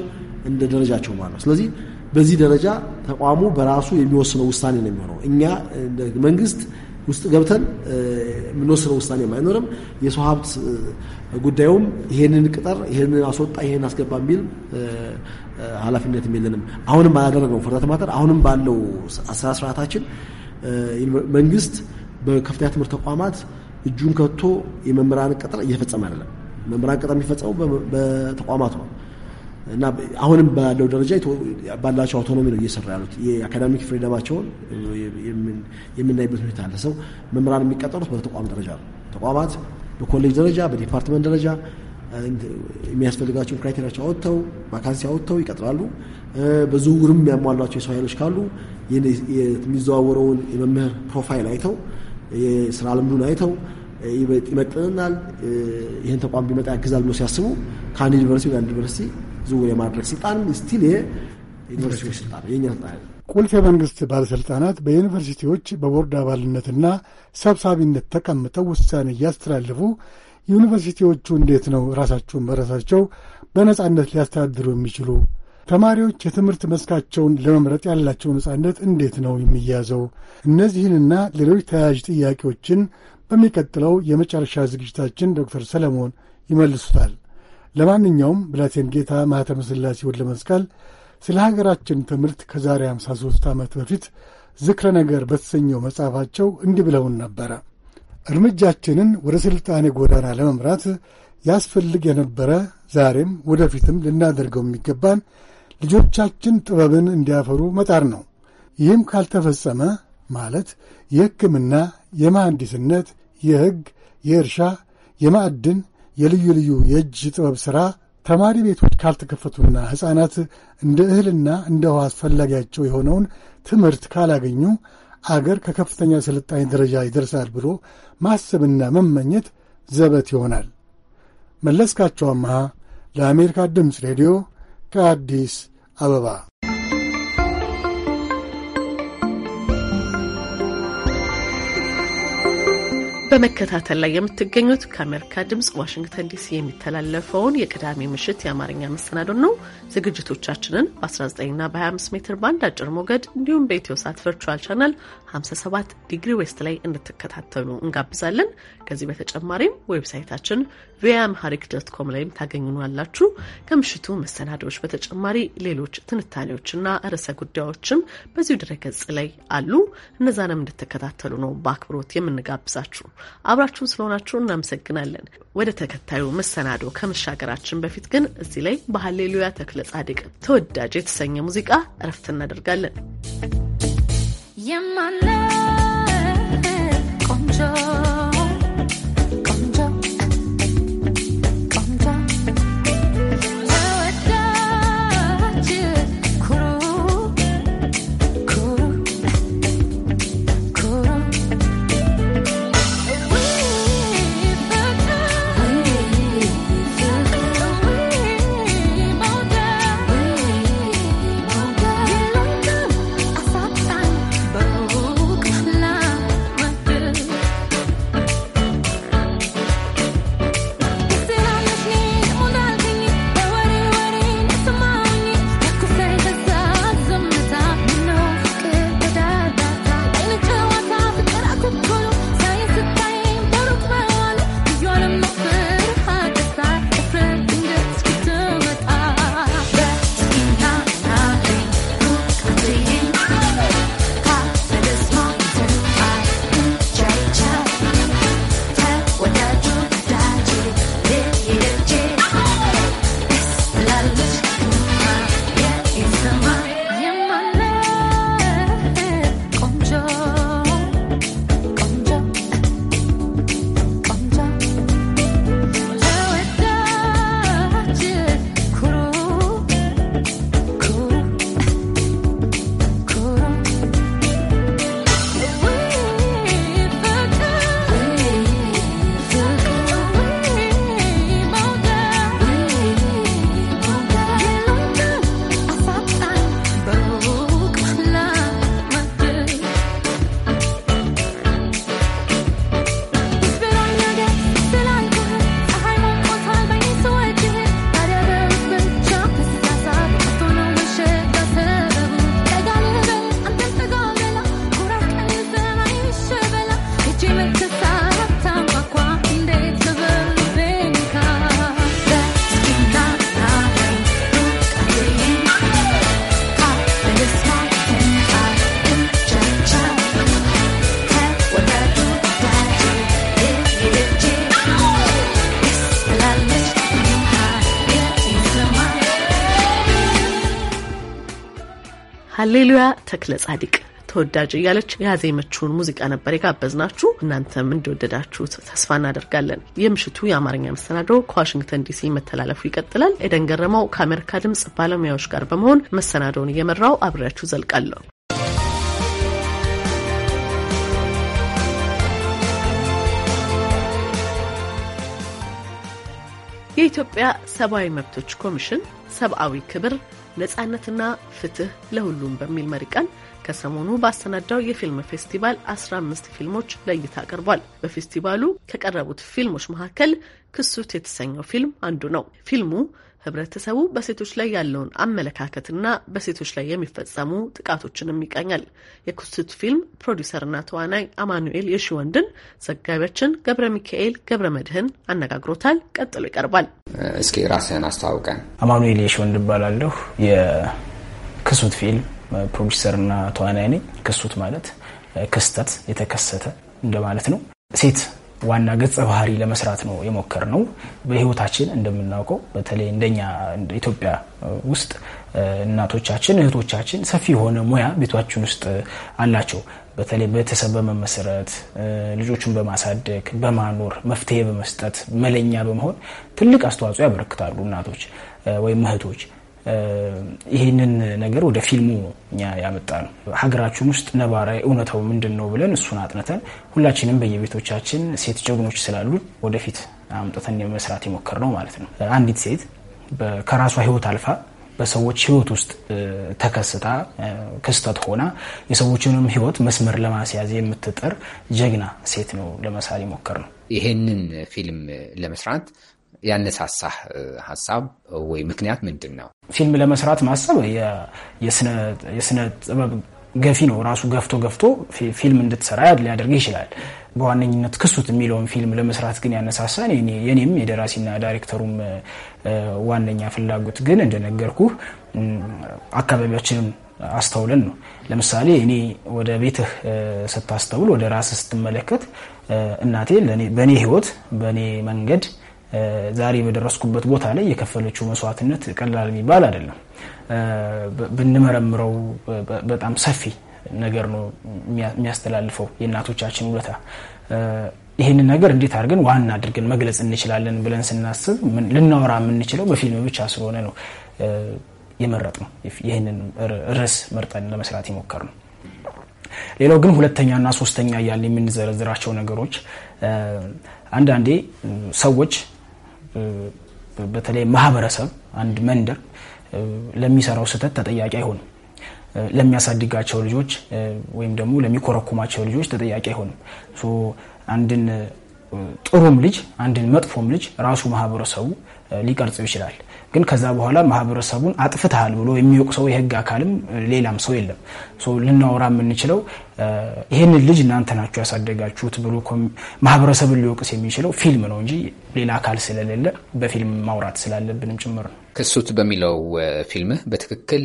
እንደ ደረጃቸው ማለት ነው። ስለዚህ በዚህ ደረጃ ተቋሙ በራሱ የሚወስነው ውሳኔ ነው የሚሆነው። እኛ መንግስት ውስጥ ገብተን የምንወስነው ውሳኔ አይኖርም። የሰው ሀብት ጉዳዩም ይሄንን ቅጠር፣ ይሄንን አስወጣ፣ ይሄንን አስገባ የሚል ኃላፊነትም የለንም። አሁንም ባላደረግነው ፍርዳት ማተር አሁንም ባለው አሰራር ስርዓታችን መንግስት በከፍተኛ ትምህርት ተቋማት እጁን ከቶ የመምህራን ቅጥር እየፈጸመ አይደለም። መምህራን ቅጥር የሚፈጸመው በተቋማት ነው። እና አሁንም ባለው ደረጃ ባላቸው አውቶኖሚ ነው እየሰራ ያሉት። የአካዳሚክ ፍሪደማቸውን የምናይበት ሁኔታ አለ። ሰው መምህራን የሚቀጠሩት በተቋም ደረጃ ነው። ተቋማት በኮሌጅ ደረጃ በዲፓርትመንት ደረጃ የሚያስፈልጋቸውን ክራይቴሪያቸው አወጥተው ቫካንሲ አወጥተው ይቀጥራሉ። በዝውውርም የሚያሟሏቸው የሰው ኃይሎች ካሉ የሚዘዋወረውን የመምህር ፕሮፋይል አይተው የስራ ልምዱን አይተው ይመጥንናል፣ ይህን ተቋም ቢመጣ ያግዛል ብሎ ሲያስቡ ከአንድ ዩኒቨርሲቲ ወደ አንድ ዩኒቨርሲቲ ዝውውር የማድረግ ስልጣን ስቲል የዩኒቨርሲቲዎች ስልጣን የኛ ስልጣን። ቁልፍ የመንግስት ባለሥልጣናት በዩኒቨርሲቲዎች በቦርድ አባልነትና ሰብሳቢነት ተቀምጠው ውሳኔ እያስተላለፉ ዩኒቨርሲቲዎቹ እንዴት ነው ራሳቸውን በራሳቸው በነጻነት ሊያስተዳድሩ የሚችሉ? ተማሪዎች የትምህርት መስካቸውን ለመምረጥ ያላቸው ነጻነት እንዴት ነው የሚያዘው? እነዚህንና ሌሎች ተያያዥ ጥያቄዎችን በሚቀጥለው የመጨረሻ ዝግጅታችን ዶክተር ሰለሞን ይመልሱታል። ለማንኛውም ብላቴን ጌታ ማኅተመ ሥላሴውን ለመስቀል ስለ ሀገራችን ትምህርት ከዛሬ 53 ዓመት በፊት ዝክረ ነገር በተሰኘው መጽሐፋቸው እንዲህ ብለውን ነበረ። እርምጃችንን ወደ ሥልጣኔ ጎዳና ለመምራት ያስፈልግ የነበረ ዛሬም ወደፊትም ልናደርገው የሚገባን ልጆቻችን ጥበብን እንዲያፈሩ መጣር ነው። ይህም ካልተፈጸመ ማለት የሕክምና፣ የመሐንዲስነት፣ የሕግ፣ የእርሻ፣ የማዕድን፣ የልዩ ልዩ የእጅ ጥበብ ሥራ ተማሪ ቤቶች ካልተከፈቱና ሕፃናት እንደ እህልና እንደ ውሃ አስፈላጊያቸው የሆነውን ትምህርት ካላገኙ አገር ከከፍተኛ ስልጣኔ ደረጃ ይደርሳል ብሎ ማሰብና መመኘት ዘበት ይሆናል። መለስካቸው አመሃ ለአሜሪካ ድምፅ ሬዲዮ ከአዲስ አበባ በመከታተል ላይ የምትገኙት ከአሜሪካ ድምፅ ዋሽንግተን ዲሲ የሚተላለፈውን የቅዳሜ ምሽት የአማርኛ መሰናዶ ነው። ዝግጅቶቻችንን በ19ና በ25 ሜትር ባንድ አጭር ሞገድ እንዲሁም በኢትዮ ሳት ቨርቹዋል ቻናል 57 ዲግሪ ዌስት ላይ እንድትከታተሉ እንጋብዛለን። ከዚህ በተጨማሪም ዌብሳይታችን ቪኦኤ አምሃሪክ ዶት ኮም ላይም ታገኙናላችሁ። ከምሽቱ መሰናዶዎች በተጨማሪ ሌሎች ትንታኔዎችና ርዕሰ ጉዳዮችም በዚሁ ድረገጽ ላይ አሉ። እነዛንም እንድትከታተሉ ነው በአክብሮት የምንጋብዛችሁ። አብራችሁን ስለሆናችሁ እናመሰግናለን። ወደ ተከታዩ መሰናዶ ከመሻገራችን በፊት ግን እዚህ ላይ በሀሌሉያ ተክለ ጻድቅ ተወዳጅ የተሰኘ ሙዚቃ እረፍት እናደርጋለን። የማለ ቆንጆ ሀሌሉያ ተክለ ጻድቅ ተወዳጅ እያለች ያዜመችውን ሙዚቃ ነበር የጋበዝናችሁ። እናንተም እንደወደዳችሁት ተስፋ እናደርጋለን። የምሽቱ የአማርኛ መሰናዶ ከዋሽንግተን ዲሲ መተላለፉ ይቀጥላል። ኤደን ገረመው ከአሜሪካ ድምጽ ባለሙያዎች ጋር በመሆን መሰናዶውን እየመራው አብሬያችሁ ዘልቃለሁ። የኢትዮጵያ ሰብአዊ መብቶች ኮሚሽን ሰብአዊ ክብር ነጻነትና ፍትህ ለሁሉም በሚል መሪ ቃል ከሰሞኑ ባሰናዳው የፊልም ፌስቲቫል 15 ፊልሞች ለእይታ ቀርቧል። በፌስቲቫሉ ከቀረቡት ፊልሞች መካከል ክሱት የተሰኘው ፊልም አንዱ ነው። ፊልሙ ህብረተሰቡ በሴቶች ላይ ያለውን አመለካከትና በሴቶች ላይ የሚፈጸሙ ጥቃቶችንም ይቃኛል። የኩስት ፊልም ፕሮዲውሰርና ተዋናይ አማኑኤል የሺወንድን ዘጋቢያችን ገብረ ሚካኤል ገብረ መድህን አነጋግሮታል። ቀጥሎ ይቀርባል። እስኪ ራስህን አስተዋውቀን። አማኑኤል የሺወንድ እባላለሁ። የክሱት ፊልም ፕሮዲሰርና ተዋናይ ነኝ። ክሱት ማለት ክስተት የተከሰተ እንደማለት ነው። ሴት ዋና ገጸ ባህሪ ለመስራት ነው የሞከር ነው። በህይወታችን እንደምናውቀው በተለይ እንደኛ ኢትዮጵያ ውስጥ እናቶቻችን፣ እህቶቻችን ሰፊ የሆነ ሙያ ቤቷችን ውስጥ አላቸው። በተለይ ቤተሰብ በመመስረት ልጆችን በማሳደግ በማኖር መፍትሄ በመስጠት መለኛ በመሆን ትልቅ አስተዋጽኦ ያበረክታሉ እናቶች ወይም እህቶች። ይህንን ነገር ወደ ፊልሙ እኛ ያመጣ ነው። ሀገራችን ውስጥ ነባራዊ እውነታው ምንድን ነው ብለን እሱን አጥንተን ሁላችንም በየቤቶቻችን ሴት ጀግኖች ስላሉ ወደፊት አምጥተን የመስራት የሞከር ነው ማለት ነው። አንዲት ሴት ከራሷ ህይወት አልፋ በሰዎች ህይወት ውስጥ ተከስታ ክስተት ሆና የሰዎችንም ህይወት መስመር ለማስያዝ የምትጥር ጀግና ሴት ነው ለመሳል ሞከር ነው። ይሄንን ፊልም ለመስራት ያነሳሳህ ሀሳብ ወይ ምክንያት ምንድን ነው? ፊልም ለመስራት ማሰብ የስነ ጥበብ ገፊ ነው። ራሱ ገፍቶ ገፍቶ ፊልም እንድትሰራ ሊያደርግ ይችላል። በዋነኝነት ክሱት የሚለውን ፊልም ለመስራት ግን ያነሳሳን የኔም የደራሲና ዳይሬክተሩም ዋነኛ ፍላጎት ግን እንደነገርኩህ አካባቢያችንን አስተውለን ነው። ለምሳሌ እኔ ወደ ቤትህ ስታስተውል፣ ወደ ራስህ ስትመለከት እናቴ በእኔ ህይወት በእኔ መንገድ ዛሬ በደረስኩበት ቦታ ላይ የከፈለችው መስዋዕትነት ቀላል የሚባል አይደለም። ብንመረምረው በጣም ሰፊ ነገር ነው የሚያስተላልፈው የእናቶቻችን ውለታ። ይህንን ነገር እንዴት አድርገን ዋና አድርገን መግለጽ እንችላለን ብለን ስናስብ ልናወራ የምንችለው በፊልም ብቻ ስለሆነ ነው የመረጥ ነው ይህንን ርዕስ መርጠን ለመስራት የሞከር ነው። ሌላው ግን ሁለተኛና ሶስተኛ እያልን የምንዘረዝራቸው ነገሮች አንዳንዴ ሰዎች በተለይ ማህበረሰብ አንድ መንደር ለሚሰራው ስህተት ተጠያቂ አይሆንም። ለሚያሳድጋቸው ልጆች ወይም ደግሞ ለሚኮረኩማቸው ልጆች ተጠያቂ አይሆንም። አንድን ጥሩም ልጅ አንድን መጥፎም ልጅ ራሱ ማህበረሰቡ ሊቀርጸው ይችላል። ግን ከዛ በኋላ ማህበረሰቡን አጥፍተሃል ብሎ የሚወቅ ሰው የህግ አካልም ሌላም ሰው የለም። ልናወራ የምንችለው ይህንን ልጅ እናንተ ናችሁ ያሳደጋችሁት ብሎ ማህበረሰብን ሊወቅስ የሚችለው ፊልም ነው እንጂ ሌላ አካል ስለሌለ በፊልም ማውራት ስላለብንም ጭምር ነው። ክሱት በሚለው ፊልምህ በትክክል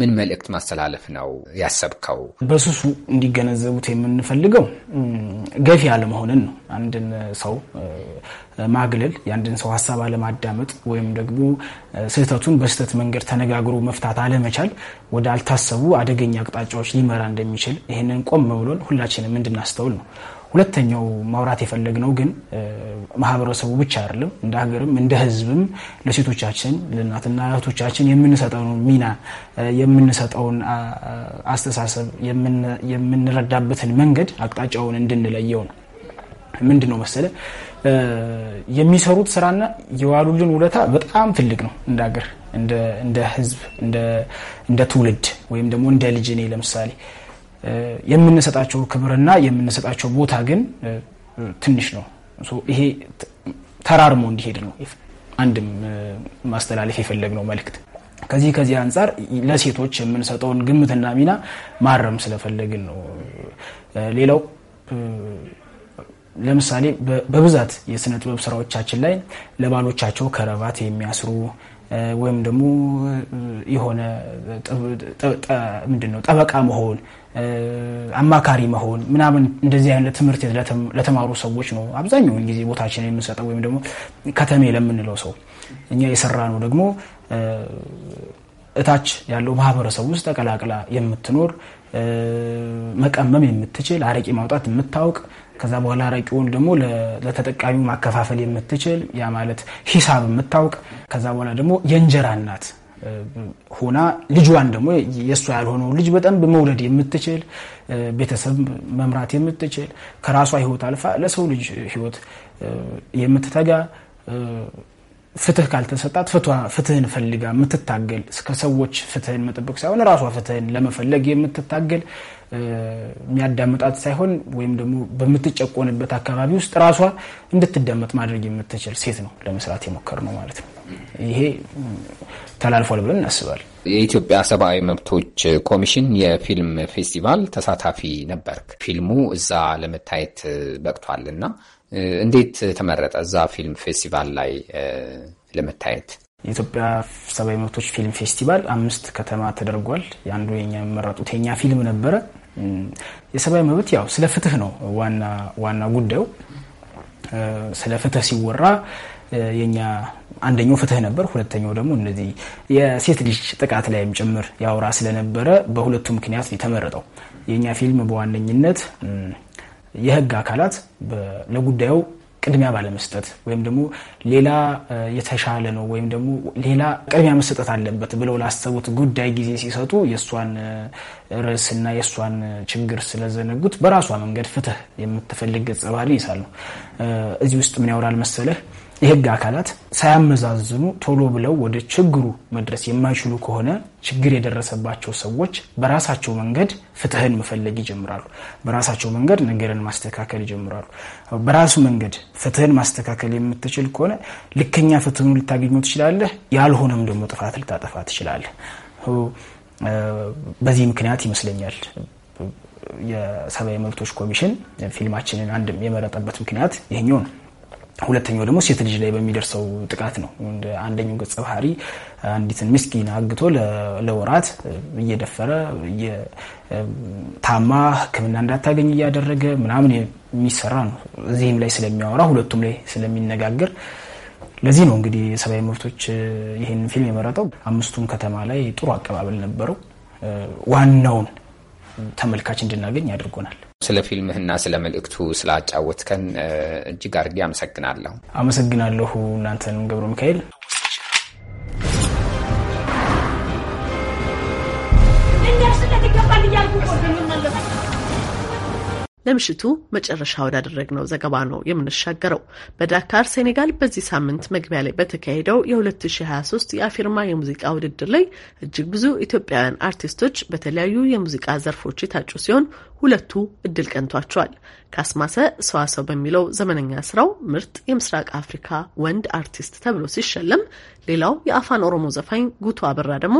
ምን መልእክት ማስተላለፍ ነው ያሰብከው? በሱሱ እንዲገነዘቡት የምንፈልገው ገፊ አለመሆንን ነው። አንድን ሰው ማግለል፣ የአንድን ሰው ሀሳብ አለማዳመጥ ወይም ደግሞ ስህተቱን በስህተት መንገድ ተነጋግሮ መፍታት አለመቻል ወደ አልታሰቡ አደገኛ አቅጣጫዎች ሊመራ እንደሚችል ይህንን ቆም ብሎን ሁላችንም እንድናስተውል ነው። ሁለተኛው ማውራት የፈለግነው ግን ማህበረሰቡ ብቻ አይደለም፣ እንደ ሀገርም እንደ ሕዝብም ለሴቶቻችን ለእናትና እህቶቻችን የምንሰጠውን ሚና የምንሰጠውን አስተሳሰብ የምንረዳበትን መንገድ አቅጣጫውን እንድንለየው ነው። ምንድን ነው መሰለ የሚሰሩት ስራና የዋሉልን ውለታ በጣም ትልቅ ነው እንደ ሀገር፣ እንደ ህዝብ፣ እንደ ትውልድ ወይም ደግሞ እንደ ልጅ እኔ ለምሳሌ የምንሰጣቸው ክብርና የምንሰጣቸው ቦታ ግን ትንሽ ነው። ይሄ ተራርሞ እንዲሄድ ነው አንድም ማስተላለፍ የፈለግነው መልእክት። ከዚህ ከዚህ አንጻር ለሴቶች የምንሰጠውን ግምትና ሚና ማረም ስለፈለግን ነው። ሌላው ለምሳሌ በብዛት የስነ ጥበብ ስራዎቻችን ላይ ለባሎቻቸው ከረባት የሚያስሩ ወይም ደግሞ የሆነ ምንድነው ጠበቃ መሆን አማካሪ መሆን ምናምን እንደዚህ አይነት ትምህርት ለተማሩ ሰዎች ነው አብዛኛውን ጊዜ ቦታችን የምንሰጠው ወይም ደግሞ ከተሜ ለምንለው ሰው እኛ የሰራ ነው ደግሞ እታች ያለው ማህበረሰብ ውስጥ ተቀላቅላ የምትኖር መቀመም የምትችል አረቂ ማውጣት የምታውቅ ከዛ በኋላ አረቂውን ደግሞ ለተጠቃሚ ማከፋፈል የምትችል ያ ማለት ሂሳብ የምታውቅ ከዛ በኋላ ደግሞ የእንጀራ እናት ሆና ልጇን ደግሞ የእሷ ያልሆነውን ልጅ በጣም በመውለድ የምትችል ቤተሰብ መምራት የምትችል ከራሷ ሕይወት አልፋ ለሰው ልጅ ሕይወት የምትተጋ ፍትህ ካልተሰጣት ፍትህን ፈልጋ የምትታገል ከሰዎች ፍትህን መጠበቅ ሳይሆን ራሷ ፍትህን ለመፈለግ የምትታገል የሚያዳምጣት ሳይሆን ወይም ደግሞ በምትጨቆንበት አካባቢ ውስጥ ራሷ እንድትዳመጥ ማድረግ የምትችል ሴት ነው ለመስራት የሞከር ነው ማለት ነው። ይሄ ተላልፏል ብለን እናስባል። የኢትዮጵያ ሰብአዊ መብቶች ኮሚሽን የፊልም ፌስቲቫል ተሳታፊ ነበርክ። ፊልሙ እዛ ለመታየት በቅቷል እና እንዴት ተመረጠ እዛ ፊልም ፌስቲቫል ላይ ለመታየት? የኢትዮጵያ ሰብአዊ መብቶች ፊልም ፌስቲቫል አምስት ከተማ ተደርጓል። የአንዱ የኛ የመረጡት የኛ ፊልም ነበረ። የሰብአዊ መብት ያው ስለ ፍትህ ነው ዋና ዋና ጉዳዩ። ስለ ፍትህ ሲወራ የኛ አንደኛው ፍትህ ነበር። ሁለተኛው ደግሞ እነዚህ የሴት ልጅ ጥቃት ላይም ጭምር ያወራ ስለነበረ በሁለቱ ምክንያት የተመረጠው የእኛ ፊልም በዋነኝነት የህግ አካላት ለጉዳዩ ቅድሚያ ባለመስጠት ወይም ደግሞ ሌላ የተሻለ ነው ወይም ደግሞ ሌላ ቅድሚያ መሰጠት አለበት ብለው ላሰቡት ጉዳይ ጊዜ ሲሰጡ የእሷን ርዕስና የእሷን ችግር ስለዘነጉት በራሷ መንገድ ፍትህ የምትፈልግ ገጸ ባህሪ ይሳሉ። እዚህ ውስጥ ምን ያወራል መሰለህ? የህግ አካላት ሳያመዛዝኑ ቶሎ ብለው ወደ ችግሩ መድረስ የማይችሉ ከሆነ ችግር የደረሰባቸው ሰዎች በራሳቸው መንገድ ፍትህን መፈለግ ይጀምራሉ። በራሳቸው መንገድ ነገርን ማስተካከል ይጀምራሉ። በራሱ መንገድ ፍትህን ማስተካከል የምትችል ከሆነ ልከኛ ፍትህኑ ልታገኙ ትችላለህ። ያልሆነም ደግሞ ጥፋት ልታጠፋ ትችላለህ። በዚህ ምክንያት ይመስለኛል የሰብአዊ መብቶች ኮሚሽን ፊልማችንን አንድም የመረጠበት ምክንያት ይህኛው ነው። ሁለተኛው ደግሞ ሴት ልጅ ላይ በሚደርሰው ጥቃት ነው። አንደኛው ገጸ ባህሪ አንዲትን ምስኪን አግቶ ለወራት እየደፈረ ታማ ሕክምና እንዳታገኝ እያደረገ ምናምን የሚሰራ ነው። እዚህም ላይ ስለሚያወራ ሁለቱም ላይ ስለሚነጋገር ለዚህ ነው እንግዲህ የሰብአዊ መብቶች ይህን ፊልም የመረጠው። አምስቱም ከተማ ላይ ጥሩ አቀባበል ነበረው። ዋናውን ተመልካች እንድናገኝ አድርጎናል። ስለ ፊልምህና ስለ መልእክቱ ስላጫወትከን እጅግ አድርጌ አመሰግናለሁ። አመሰግናለሁ እናንተንም ገብረ ሚካኤል። ለምሽቱ መጨረሻ ወዳደረግነው ዘገባ ነው የምንሻገረው። በዳካር ሴኔጋል፣ በዚህ ሳምንት መግቢያ ላይ በተካሄደው የ2023 የአፊርማ የሙዚቃ ውድድር ላይ እጅግ ብዙ ኢትዮጵያውያን አርቲስቶች በተለያዩ የሙዚቃ ዘርፎች የታጩ ሲሆን ሁለቱ እድል ቀንቷቸዋል። ካስማሰ ሰዋሰው በሚለው ዘመነኛ ስራው ምርጥ የምስራቅ አፍሪካ ወንድ አርቲስት ተብሎ ሲሸለም፣ ሌላው የአፋን ኦሮሞ ዘፋኝ ጉቱ አበራ ደግሞ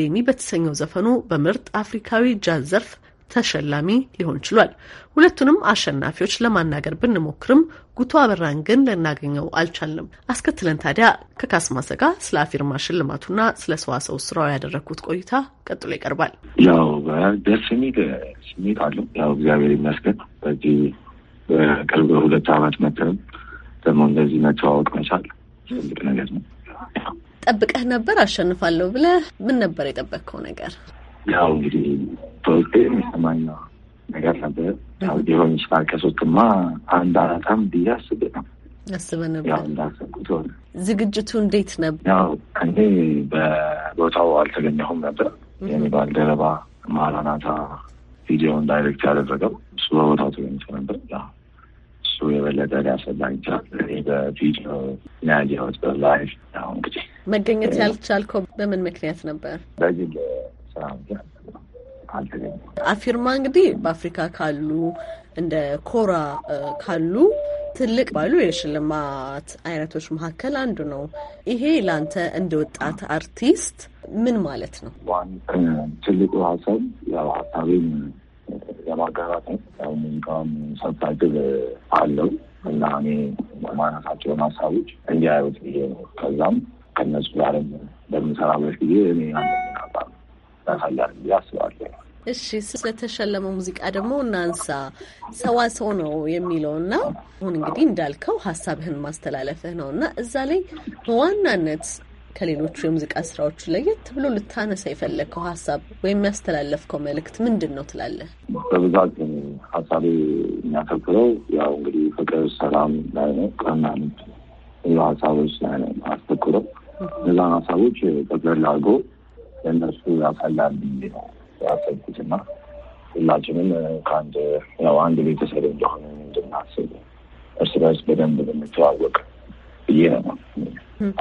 ዴሚ በተሰኘው ዘፈኑ በምርጥ አፍሪካዊ ጃዝ ዘርፍ ተሸላሚ ሊሆን ችሏል። ሁለቱንም አሸናፊዎች ለማናገር ብንሞክርም ጉቶ አበራን ግን ልናገኘው አልቻልንም። አስከትለን ታዲያ ከካስማሰ ጋር ስለ አፊርማ ሽልማቱና ስለ ሰዋሰው ስራው ያደረግኩት ቆይታ ቀጥሎ ይቀርባል። ያው ደስ የሚል ስሜት አለው። ያው እግዚአብሔር ይመስገን በዚህ በቅርብ ሁለት ዓመት መክርም ደግሞ እንደዚህ መተዋወቅ መቻል ትልቅ ነገር ነው። ጠብቀህ ነበር አሸንፋለሁ ብለህ? ምን ነበር የጠበቅከው ነገር? ያው እንግዲህ በውጤ የሚሰማኝ ነው ነገር ነበር። ሊሆን ይችላል ከሶስትማ አንድ አራታም ብዬ አስብ ነው አስበ ነበር። እንዳሰብኩት ሆነ። ዝግጅቱ እንዴት ነበር? ያው እኔ በቦታው አልተገኘሁም ነበር። የኔ ባልደረባ ማራናታ ቪዲዮን ዳይሬክት ያደረገው እሱ በቦታው ተገኝቶ ነበር። እሱ የበለጠ ሊያስረዳ ይችላል። እኔ በቪዲዮ ያየሁት በላይቭ ያው እንግዲህ መገኘት ያልቻልከው በምን ምክንያት ነበር? በግል ስራ ምክንያት አልተገኘም። አፊርማ እንግዲህ በአፍሪካ ካሉ እንደ ኮራ ካሉ ትልቅ ባሉ የሽልማት አይነቶች መካከል አንዱ ነው። ይሄ ለአንተ እንደ ወጣት አርቲስት ምን ማለት ነው? ትልቁ ሀሳብ ያው ሀሳቤን ለማጋራት ነው። ሙዚቃም ሙዚቃውን አለው እና እኔ የማነሳቸውን ሀሳቦች እንዲያዩት ጊዜ ነው። ከዛም ከነሱ ጋርም በምንሰራበት ጊዜ እኔ አንደኛ ያሳያል ብዬ አስባለሁ። እሺ ስለተሸለመው ሙዚቃ ደግሞ እናንሳ። ሰዋሰው ነው የሚለው እና አሁን እንግዲህ እንዳልከው ሀሳብህን ማስተላለፍህ ነው እና እዛ ላይ በዋናነት ከሌሎቹ የሙዚቃ ስራዎቹ ለየት ብሎ ልታነሳ የፈለግከው ሀሳብ ወይም ያስተላለፍከው መልእክት ምንድን ነው ትላለህ? በብዛት ሀሳቤ የሚያተኩረው ያው እንግዲህ ፍቅር፣ ሰላም ላይ ነው። ቀናነት ቀና ሀሳቦች ላይ ነው አስተኩረው እዛን ሀሳቦች ጠቅለል አድርጎ ለእነሱ ያሳያል ነው አሰብኩት እና ሁላችንም ከአንድ ያው አንድ ቤተሰብ እንደሆነ እንድናስብ እርስ በርስ በደንብ ብንተዋወቅ ብዬ ነው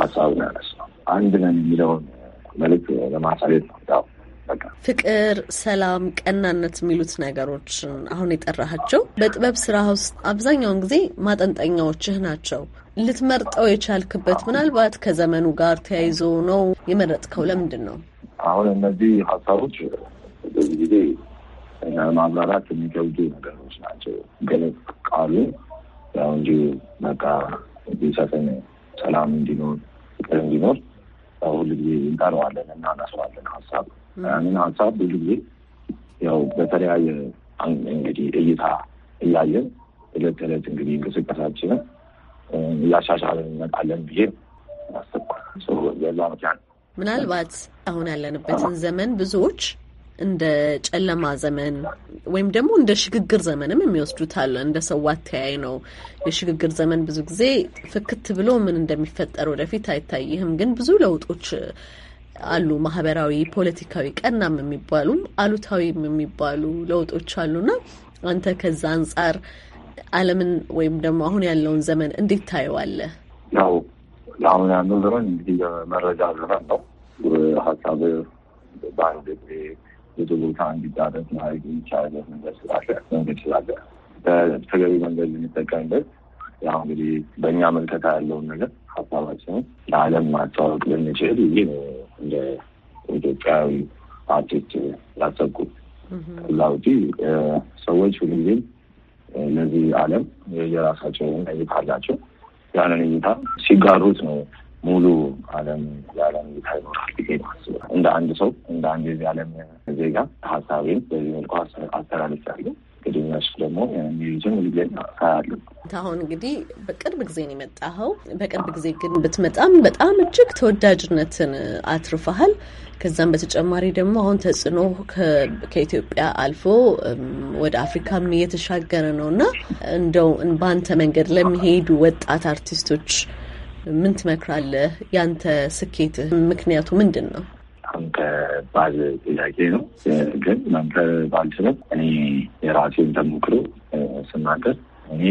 ሀሳቡን ያነሳው። አንድ ነን የሚለውን መልክ ለማሳየት ነው። ያው ፍቅር፣ ሰላም፣ ቀናነት የሚሉት ነገሮች አሁን የጠራሃቸው በጥበብ ስራ ውስጥ አብዛኛውን ጊዜ ማጠንጠኛዎችህ ናቸው። ልትመርጠው የቻልክበት ምናልባት ከዘመኑ ጋር ተያይዞ ነው የመረጥከው? ለምንድን ነው አሁን እነዚህ ሀሳቦች በዚህ ጊዜ ማብራራት የሚከብዱ ነገሮች ናቸው። ገለጽ ቃሉ ያው እንጂ በቃ ቢሰፍን ሰላም እንዲኖር ፍቅር እንዲኖር ሁሉ ጊዜ እንጠራዋለን እና እናነሳዋለን ሀሳብ ያንን ሀሳብ ብዙ ጊዜ ያው በተለያየ እንግዲህ እይታ እያየን እለት ተዕለት እንግዲህ እንቅስቃሴያችንን እያሻሻለን እንመጣለን ብዬ አስባለሁ። በዛ ምክንያት ምናልባት አሁን ያለንበትን ዘመን ብዙዎች እንደ ጨለማ ዘመን ወይም ደግሞ እንደ ሽግግር ዘመንም የሚወስዱት አለ። እንደ ሰው አተያይ ነው። የሽግግር ዘመን ብዙ ጊዜ ፍክት ብሎ ምን እንደሚፈጠር ወደፊት አይታይህም። ግን ብዙ ለውጦች አሉ። ማህበራዊ፣ ፖለቲካዊ፣ ቀናም የሚባሉ አሉታዊም የሚባሉ ለውጦች አሉና አንተ ከዛ አንጻር ዓለምን ወይም ደግሞ አሁን ያለውን ዘመን እንዴት ታየዋለህ? ያው አሁን ያለው ዘመን እንግዲህ መረጃ ዘመን ነው። ሀሳብ በአንድ ጊዜ ወደ ቦታ እንዲዳረስ ማድረግ የሚቻልበት መንገድ ስላለ መንገድ ስላለ በተገቢ መንገድ የሚጠቀምበት ያው እንግዲህ በእኛ መልከታ ያለውን ነገር ሀሳባችንን ለዓለም ማስተዋወቅ ልንችል ይህ ነው እንደ ኢትዮጵያዊ አርቲስት ያሰብኩት። ከዛ ውጪ ሰዎች ሁልጊዜም ለዚህ ዓለም የራሳቸው እይታ አላቸው። ያንን እይታ ሲጋሩት ነው ሙሉ ዓለም የዓለም እይታ ይኖራል ብዬ ማስበው እንደ አንድ ሰው እንደ አንድ የዚህ ዓለም ዜጋ ሀሳቤን በዚህ መልኩ አስተላልፋለሁ። እንግዲህ እነሱ ደግሞ ሚዩዝም ጊዜ ሳያሉ አሁን እንግዲህ በቅርብ ጊዜ ነው የመጣኸው። በቅርብ ጊዜ ግን ብትመጣም በጣም እጅግ ተወዳጅነትን አትርፈሃል። ከዛም በተጨማሪ ደግሞ አሁን ተጽዕኖ ከኢትዮጵያ አልፎ ወደ አፍሪካም እየተሻገረ ነው እና እንደው በአንተ መንገድ ለሚሄዱ ወጣት አርቲስቶች ምን ትመክራለህ? ያንተ ስኬት ምክንያቱ ምንድን ነው? አንተ ባል ጥያቄ ነው ግን አንተ ባል ስለት እኔ የራሴን ተሞክሮ ስናገር እኔ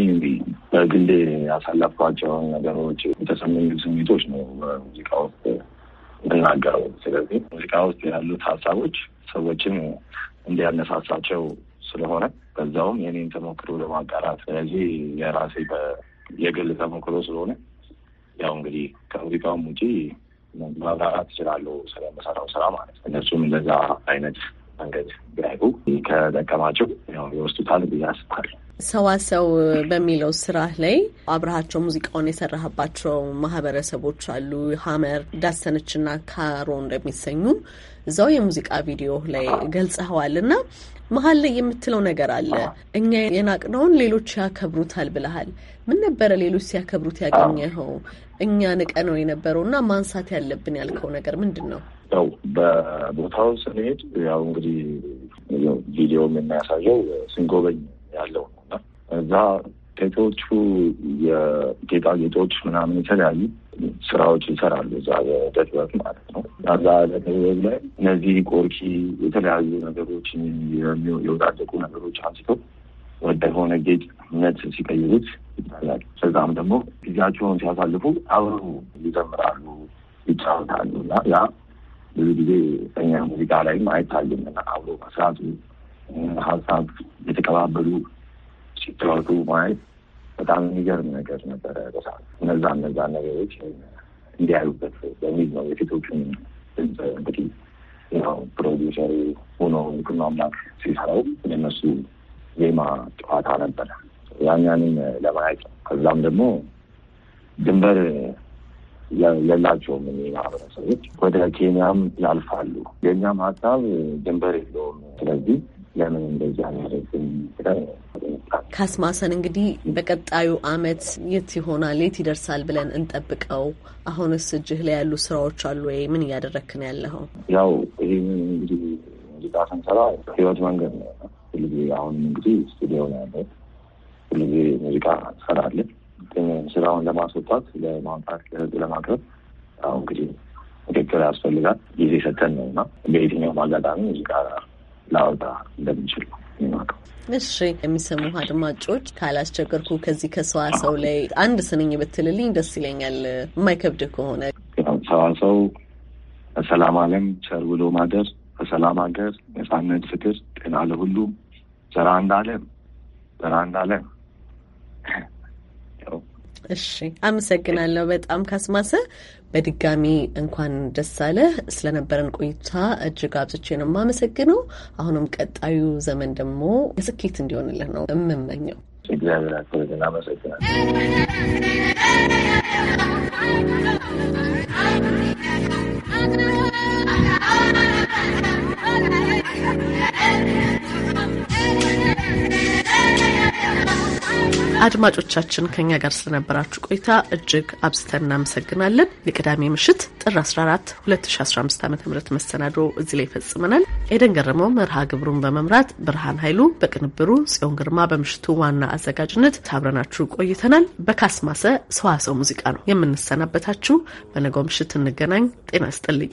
በግሌ ያሳለፍኳቸው ነገሮች የተሰሙኝ ስሜቶች ነው በሙዚቃ ውስጥ የምናገረው። ስለዚህ ሙዚቃ ውስጥ ያሉት ሀሳቦች ሰዎችን እንዲያነሳሳቸው ስለሆነ በዛውም የኔን ተሞክሮ ለማጋራት ስለዚህ የራሴ የግል ተሞክሮ ስለሆነ ያው እንግዲህ ከሙዚቃውም ውጪ ማብራራት ይችላሉ ስለምሰራው ስራ ማለት ነው። እነሱም እንደዛ አይነት መንገድ ቢያዩ ከጠቀማቸው ያው ይወስዱታል ብዬ አስባለሁ። ሰዋሰው በሚለው ስራህ ላይ አብረሃቸው ሙዚቃውን የሰራህባቸው ማህበረሰቦች አሉ። ሀመር፣ ዳሰነችና ካሮ እንደሚሰኙ እዛው የሙዚቃ ቪዲዮ ላይ ገልጸኸዋል እና መሀል ላይ የምትለው ነገር አለ። እኛ የናቅነውን ሌሎች ያከብሩታል ብለሃል። ምን ነበረ ሌሎች ሲያከብሩት ያገኘኸው? እኛ ንቀ ነው የነበረው እና ማንሳት ያለብን ያልከው ነገር ምንድን ነው? ያው በቦታው ስንሄድ ያው እንግዲህ ቪዲዮ የሚያሳየው ስንጎበኝ ያለው ነው እዛ ሴቶቹ የጌጣጌጦች ምናምን የተለያዩ ስራዎች ይሰራሉ። እዛ የደድበት ማለት ነው። እዛ ደድበት ላይ እነዚህ ቆርኪ የተለያዩ ነገሮች የወዳደቁ ነገሮች አንስተው ወደ ሆነ ጌጥነት ሲቀይሩት ይታያል። ከዛም ደግሞ ጊዜያቸውን ሲያሳልፉ አብሩ ይዘምራሉ፣ ይጫወታሉ እና ያ ብዙ ጊዜ እኛ ሙዚቃ ላይም አይታይም እና አብሮ መስራቱ ሀሳብ የተቀባበሉ ሲጠሩ ማየት በጣም የሚገርም ነገር ነበረ። በሳ እነዛ እነዛ ነገሮች እንዲያዩበት በሚል ነው የሴቶቹን ድምፅ እንግዲህ ያው ፕሮዲሰሩ ሆኖ ልኩና አምላክ ሲሰራው የነሱ ዜማ ጨዋታ ነበረ። ያኛንም ለማየት ነው። ከዛም ደግሞ ድንበር የላቸውም እኔ ማህበረሰቦች ወደ ኬንያም ያልፋሉ። የእኛም ሀሳብ ድንበር የለውም። ስለዚህ ለምን እንደዚህ አላደረግም? ካስማሰን እንግዲህ በቀጣዩ አመት የት ይሆናል የት ይደርሳል ብለን እንጠብቀው። አሁንስ እጅህ ላይ ያሉ ስራዎች አሉ ወይ? ምን እያደረክ ነው ያለኸው? ያው ይህ እንግዲህ ሙዚቃ ስንሰራ ህይወት መንገድ ነው። ሁልጊዜ አሁን እንግዲህ ስቱዲዮ ነው ያለው። ሁልጊዜ ሙዚቃ እንሰራለን። ስራውን ለማስወጣት ለማምጣት፣ ለህዝብ ለማቅረብ አሁን እንግዲህ ምክክር ያስፈልጋል። ጊዜ ሰተን ነው እና በየትኛውም አጋጣሚ ሙዚቃ ላወጣ እንደምንችል ነው የሚመጣው። እሺ የሚሰሙ አድማጮች ካላስቸገርኩ ከዚህ ከሰዋሰው ላይ አንድ ስንኝ ብትልልኝ ደስ ይለኛል፣ የማይከብድ ከሆነ ሰዋሰው በሰላም ዓለም ቸር ውሎ ማደር፣ በሰላም ሀገር ነጻነት፣ ፍቅር፣ ጤና ለሁሉም ዘራ እንዳለም ዘራ እንዳለም እሺ አመሰግናለሁ በጣም ካስማሰ። በድጋሚ እንኳን ደስ አለ ስለነበረን ቆይታ እጅግ አብዝቼ ነው የማመሰግነው። አሁንም ቀጣዩ ዘመን ደግሞ ስኬት እንዲሆንልህ ነው የምመኘው። እግዚአብሔር አመሰግናለሁ። አድማጮቻችን ከኛ ጋር ስለነበራችሁ ቆይታ እጅግ አብዝተን እናመሰግናለን። የቅዳሜ ምሽት ጥር 14 2015 ዓ ም መሰናዶ እዚህ ላይ ይፈጽመናል። ኤደን ገረመው መርሃ ግብሩን በመምራት ብርሃን ኃይሉ በቅንብሩ፣ ጽዮን ግርማ በምሽቱ ዋና አዘጋጅነት ታብረናችሁ ቆይተናል። በካስማሰ ሰዋሰው ሙዚቃ ነው የምንሰናበታችሁ። በነገው ምሽት እንገናኝ። ጤና ይስጥልኝ።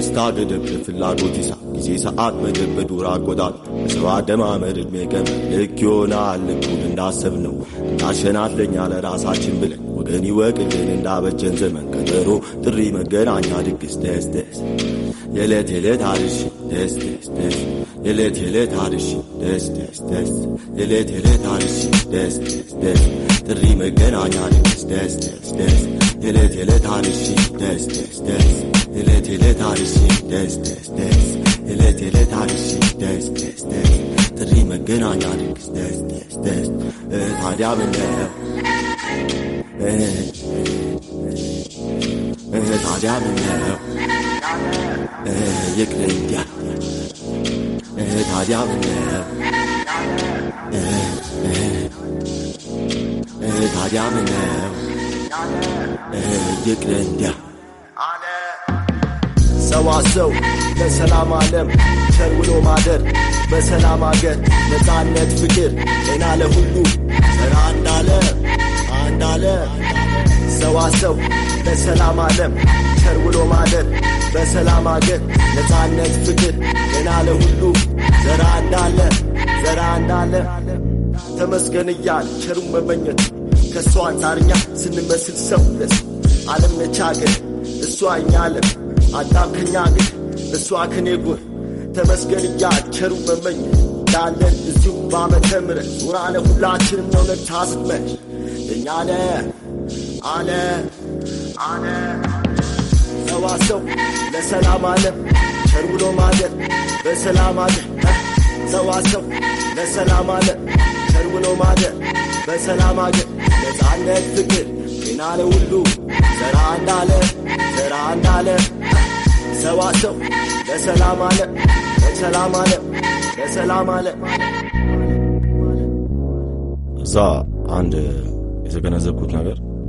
ደስታ ገደብ ፍላጎት ይሳ ጊዜ ሰዓት መደብ በዱር አቆጣጥ በሰባ ደማመር ዕድሜ ገም ልክ ይሆናል ልኩን እንዳሰብ ነው እናሸናት ለእኛ ለራሳችን ብለን ወገን ይወቅልን እንዳበጀን ዘመን ቀጠሮ ጥሪ መገናኛ ድግስ ደስ ደስ የዕለት የዕለት አርሽ ደስ ደስ ደስ የዕለት የዕለት አርሽ ደስ ደስ ደስ የዕለት የዕለት አርሽ ደስ ደስ ደስ ጥሪ መገናኛ ድግስ ደስ ደስ ደስ የዕለት የዕለት አርሽ ደስ ደስ ደስ Dile dile tarishi des des des Dile dile tarishi des des des Terime gena yarik des des des eh, hadi eh. Eh, hadi ne? ne? Tarya bende Tarya bende Yekrendia Tarya bende Tarya bende Yekrendia ሰዋሰው ለሰላም ዓለም ቸር ውሎ ማደር በሰላም አገር ነፃነት ፍቅር ጤና ለሁሉ ሥራ እንዳለ አንዳለ ሰዋሰው ለሰላም ዓለም ቸር ውሎ ማደር በሰላም አገር ነፃነት ፍቅር ጤና ለሁሉ ዘራ እንዳለ ዘራ እንዳለ ተመስገን እያል ቸሩን መመኘት ከእሷ አንጻርኛ ስንመስል ሰው ለስ ዓለም ነች አገር እሷ እኛ ዓለም አዳምክኛ ግን እሷ ከኔ ጎን ተመስገን እያቸሩ መመኝ ያለን እዚሁ ባመተ ምረት ዞራነ ሁላችንም ነው ነታስመን እኛነ አነ አነ ሰዋሰው ለሰላም አለም ቸር ብሎ ማደር በሰላም አለ ሰዋሰው ለሰላም አለ ቸር ብሎ ማደር በሰላም አገ ነፃነት ፍቅር ጤና ሁሉ ዘራ እንዳለ ዘራ እንዳለ ሰባሰው ለሰላም አለ ለሰላም አለ ለሰላም አለ። እዛ አንድ የተገነዘብኩት ነገር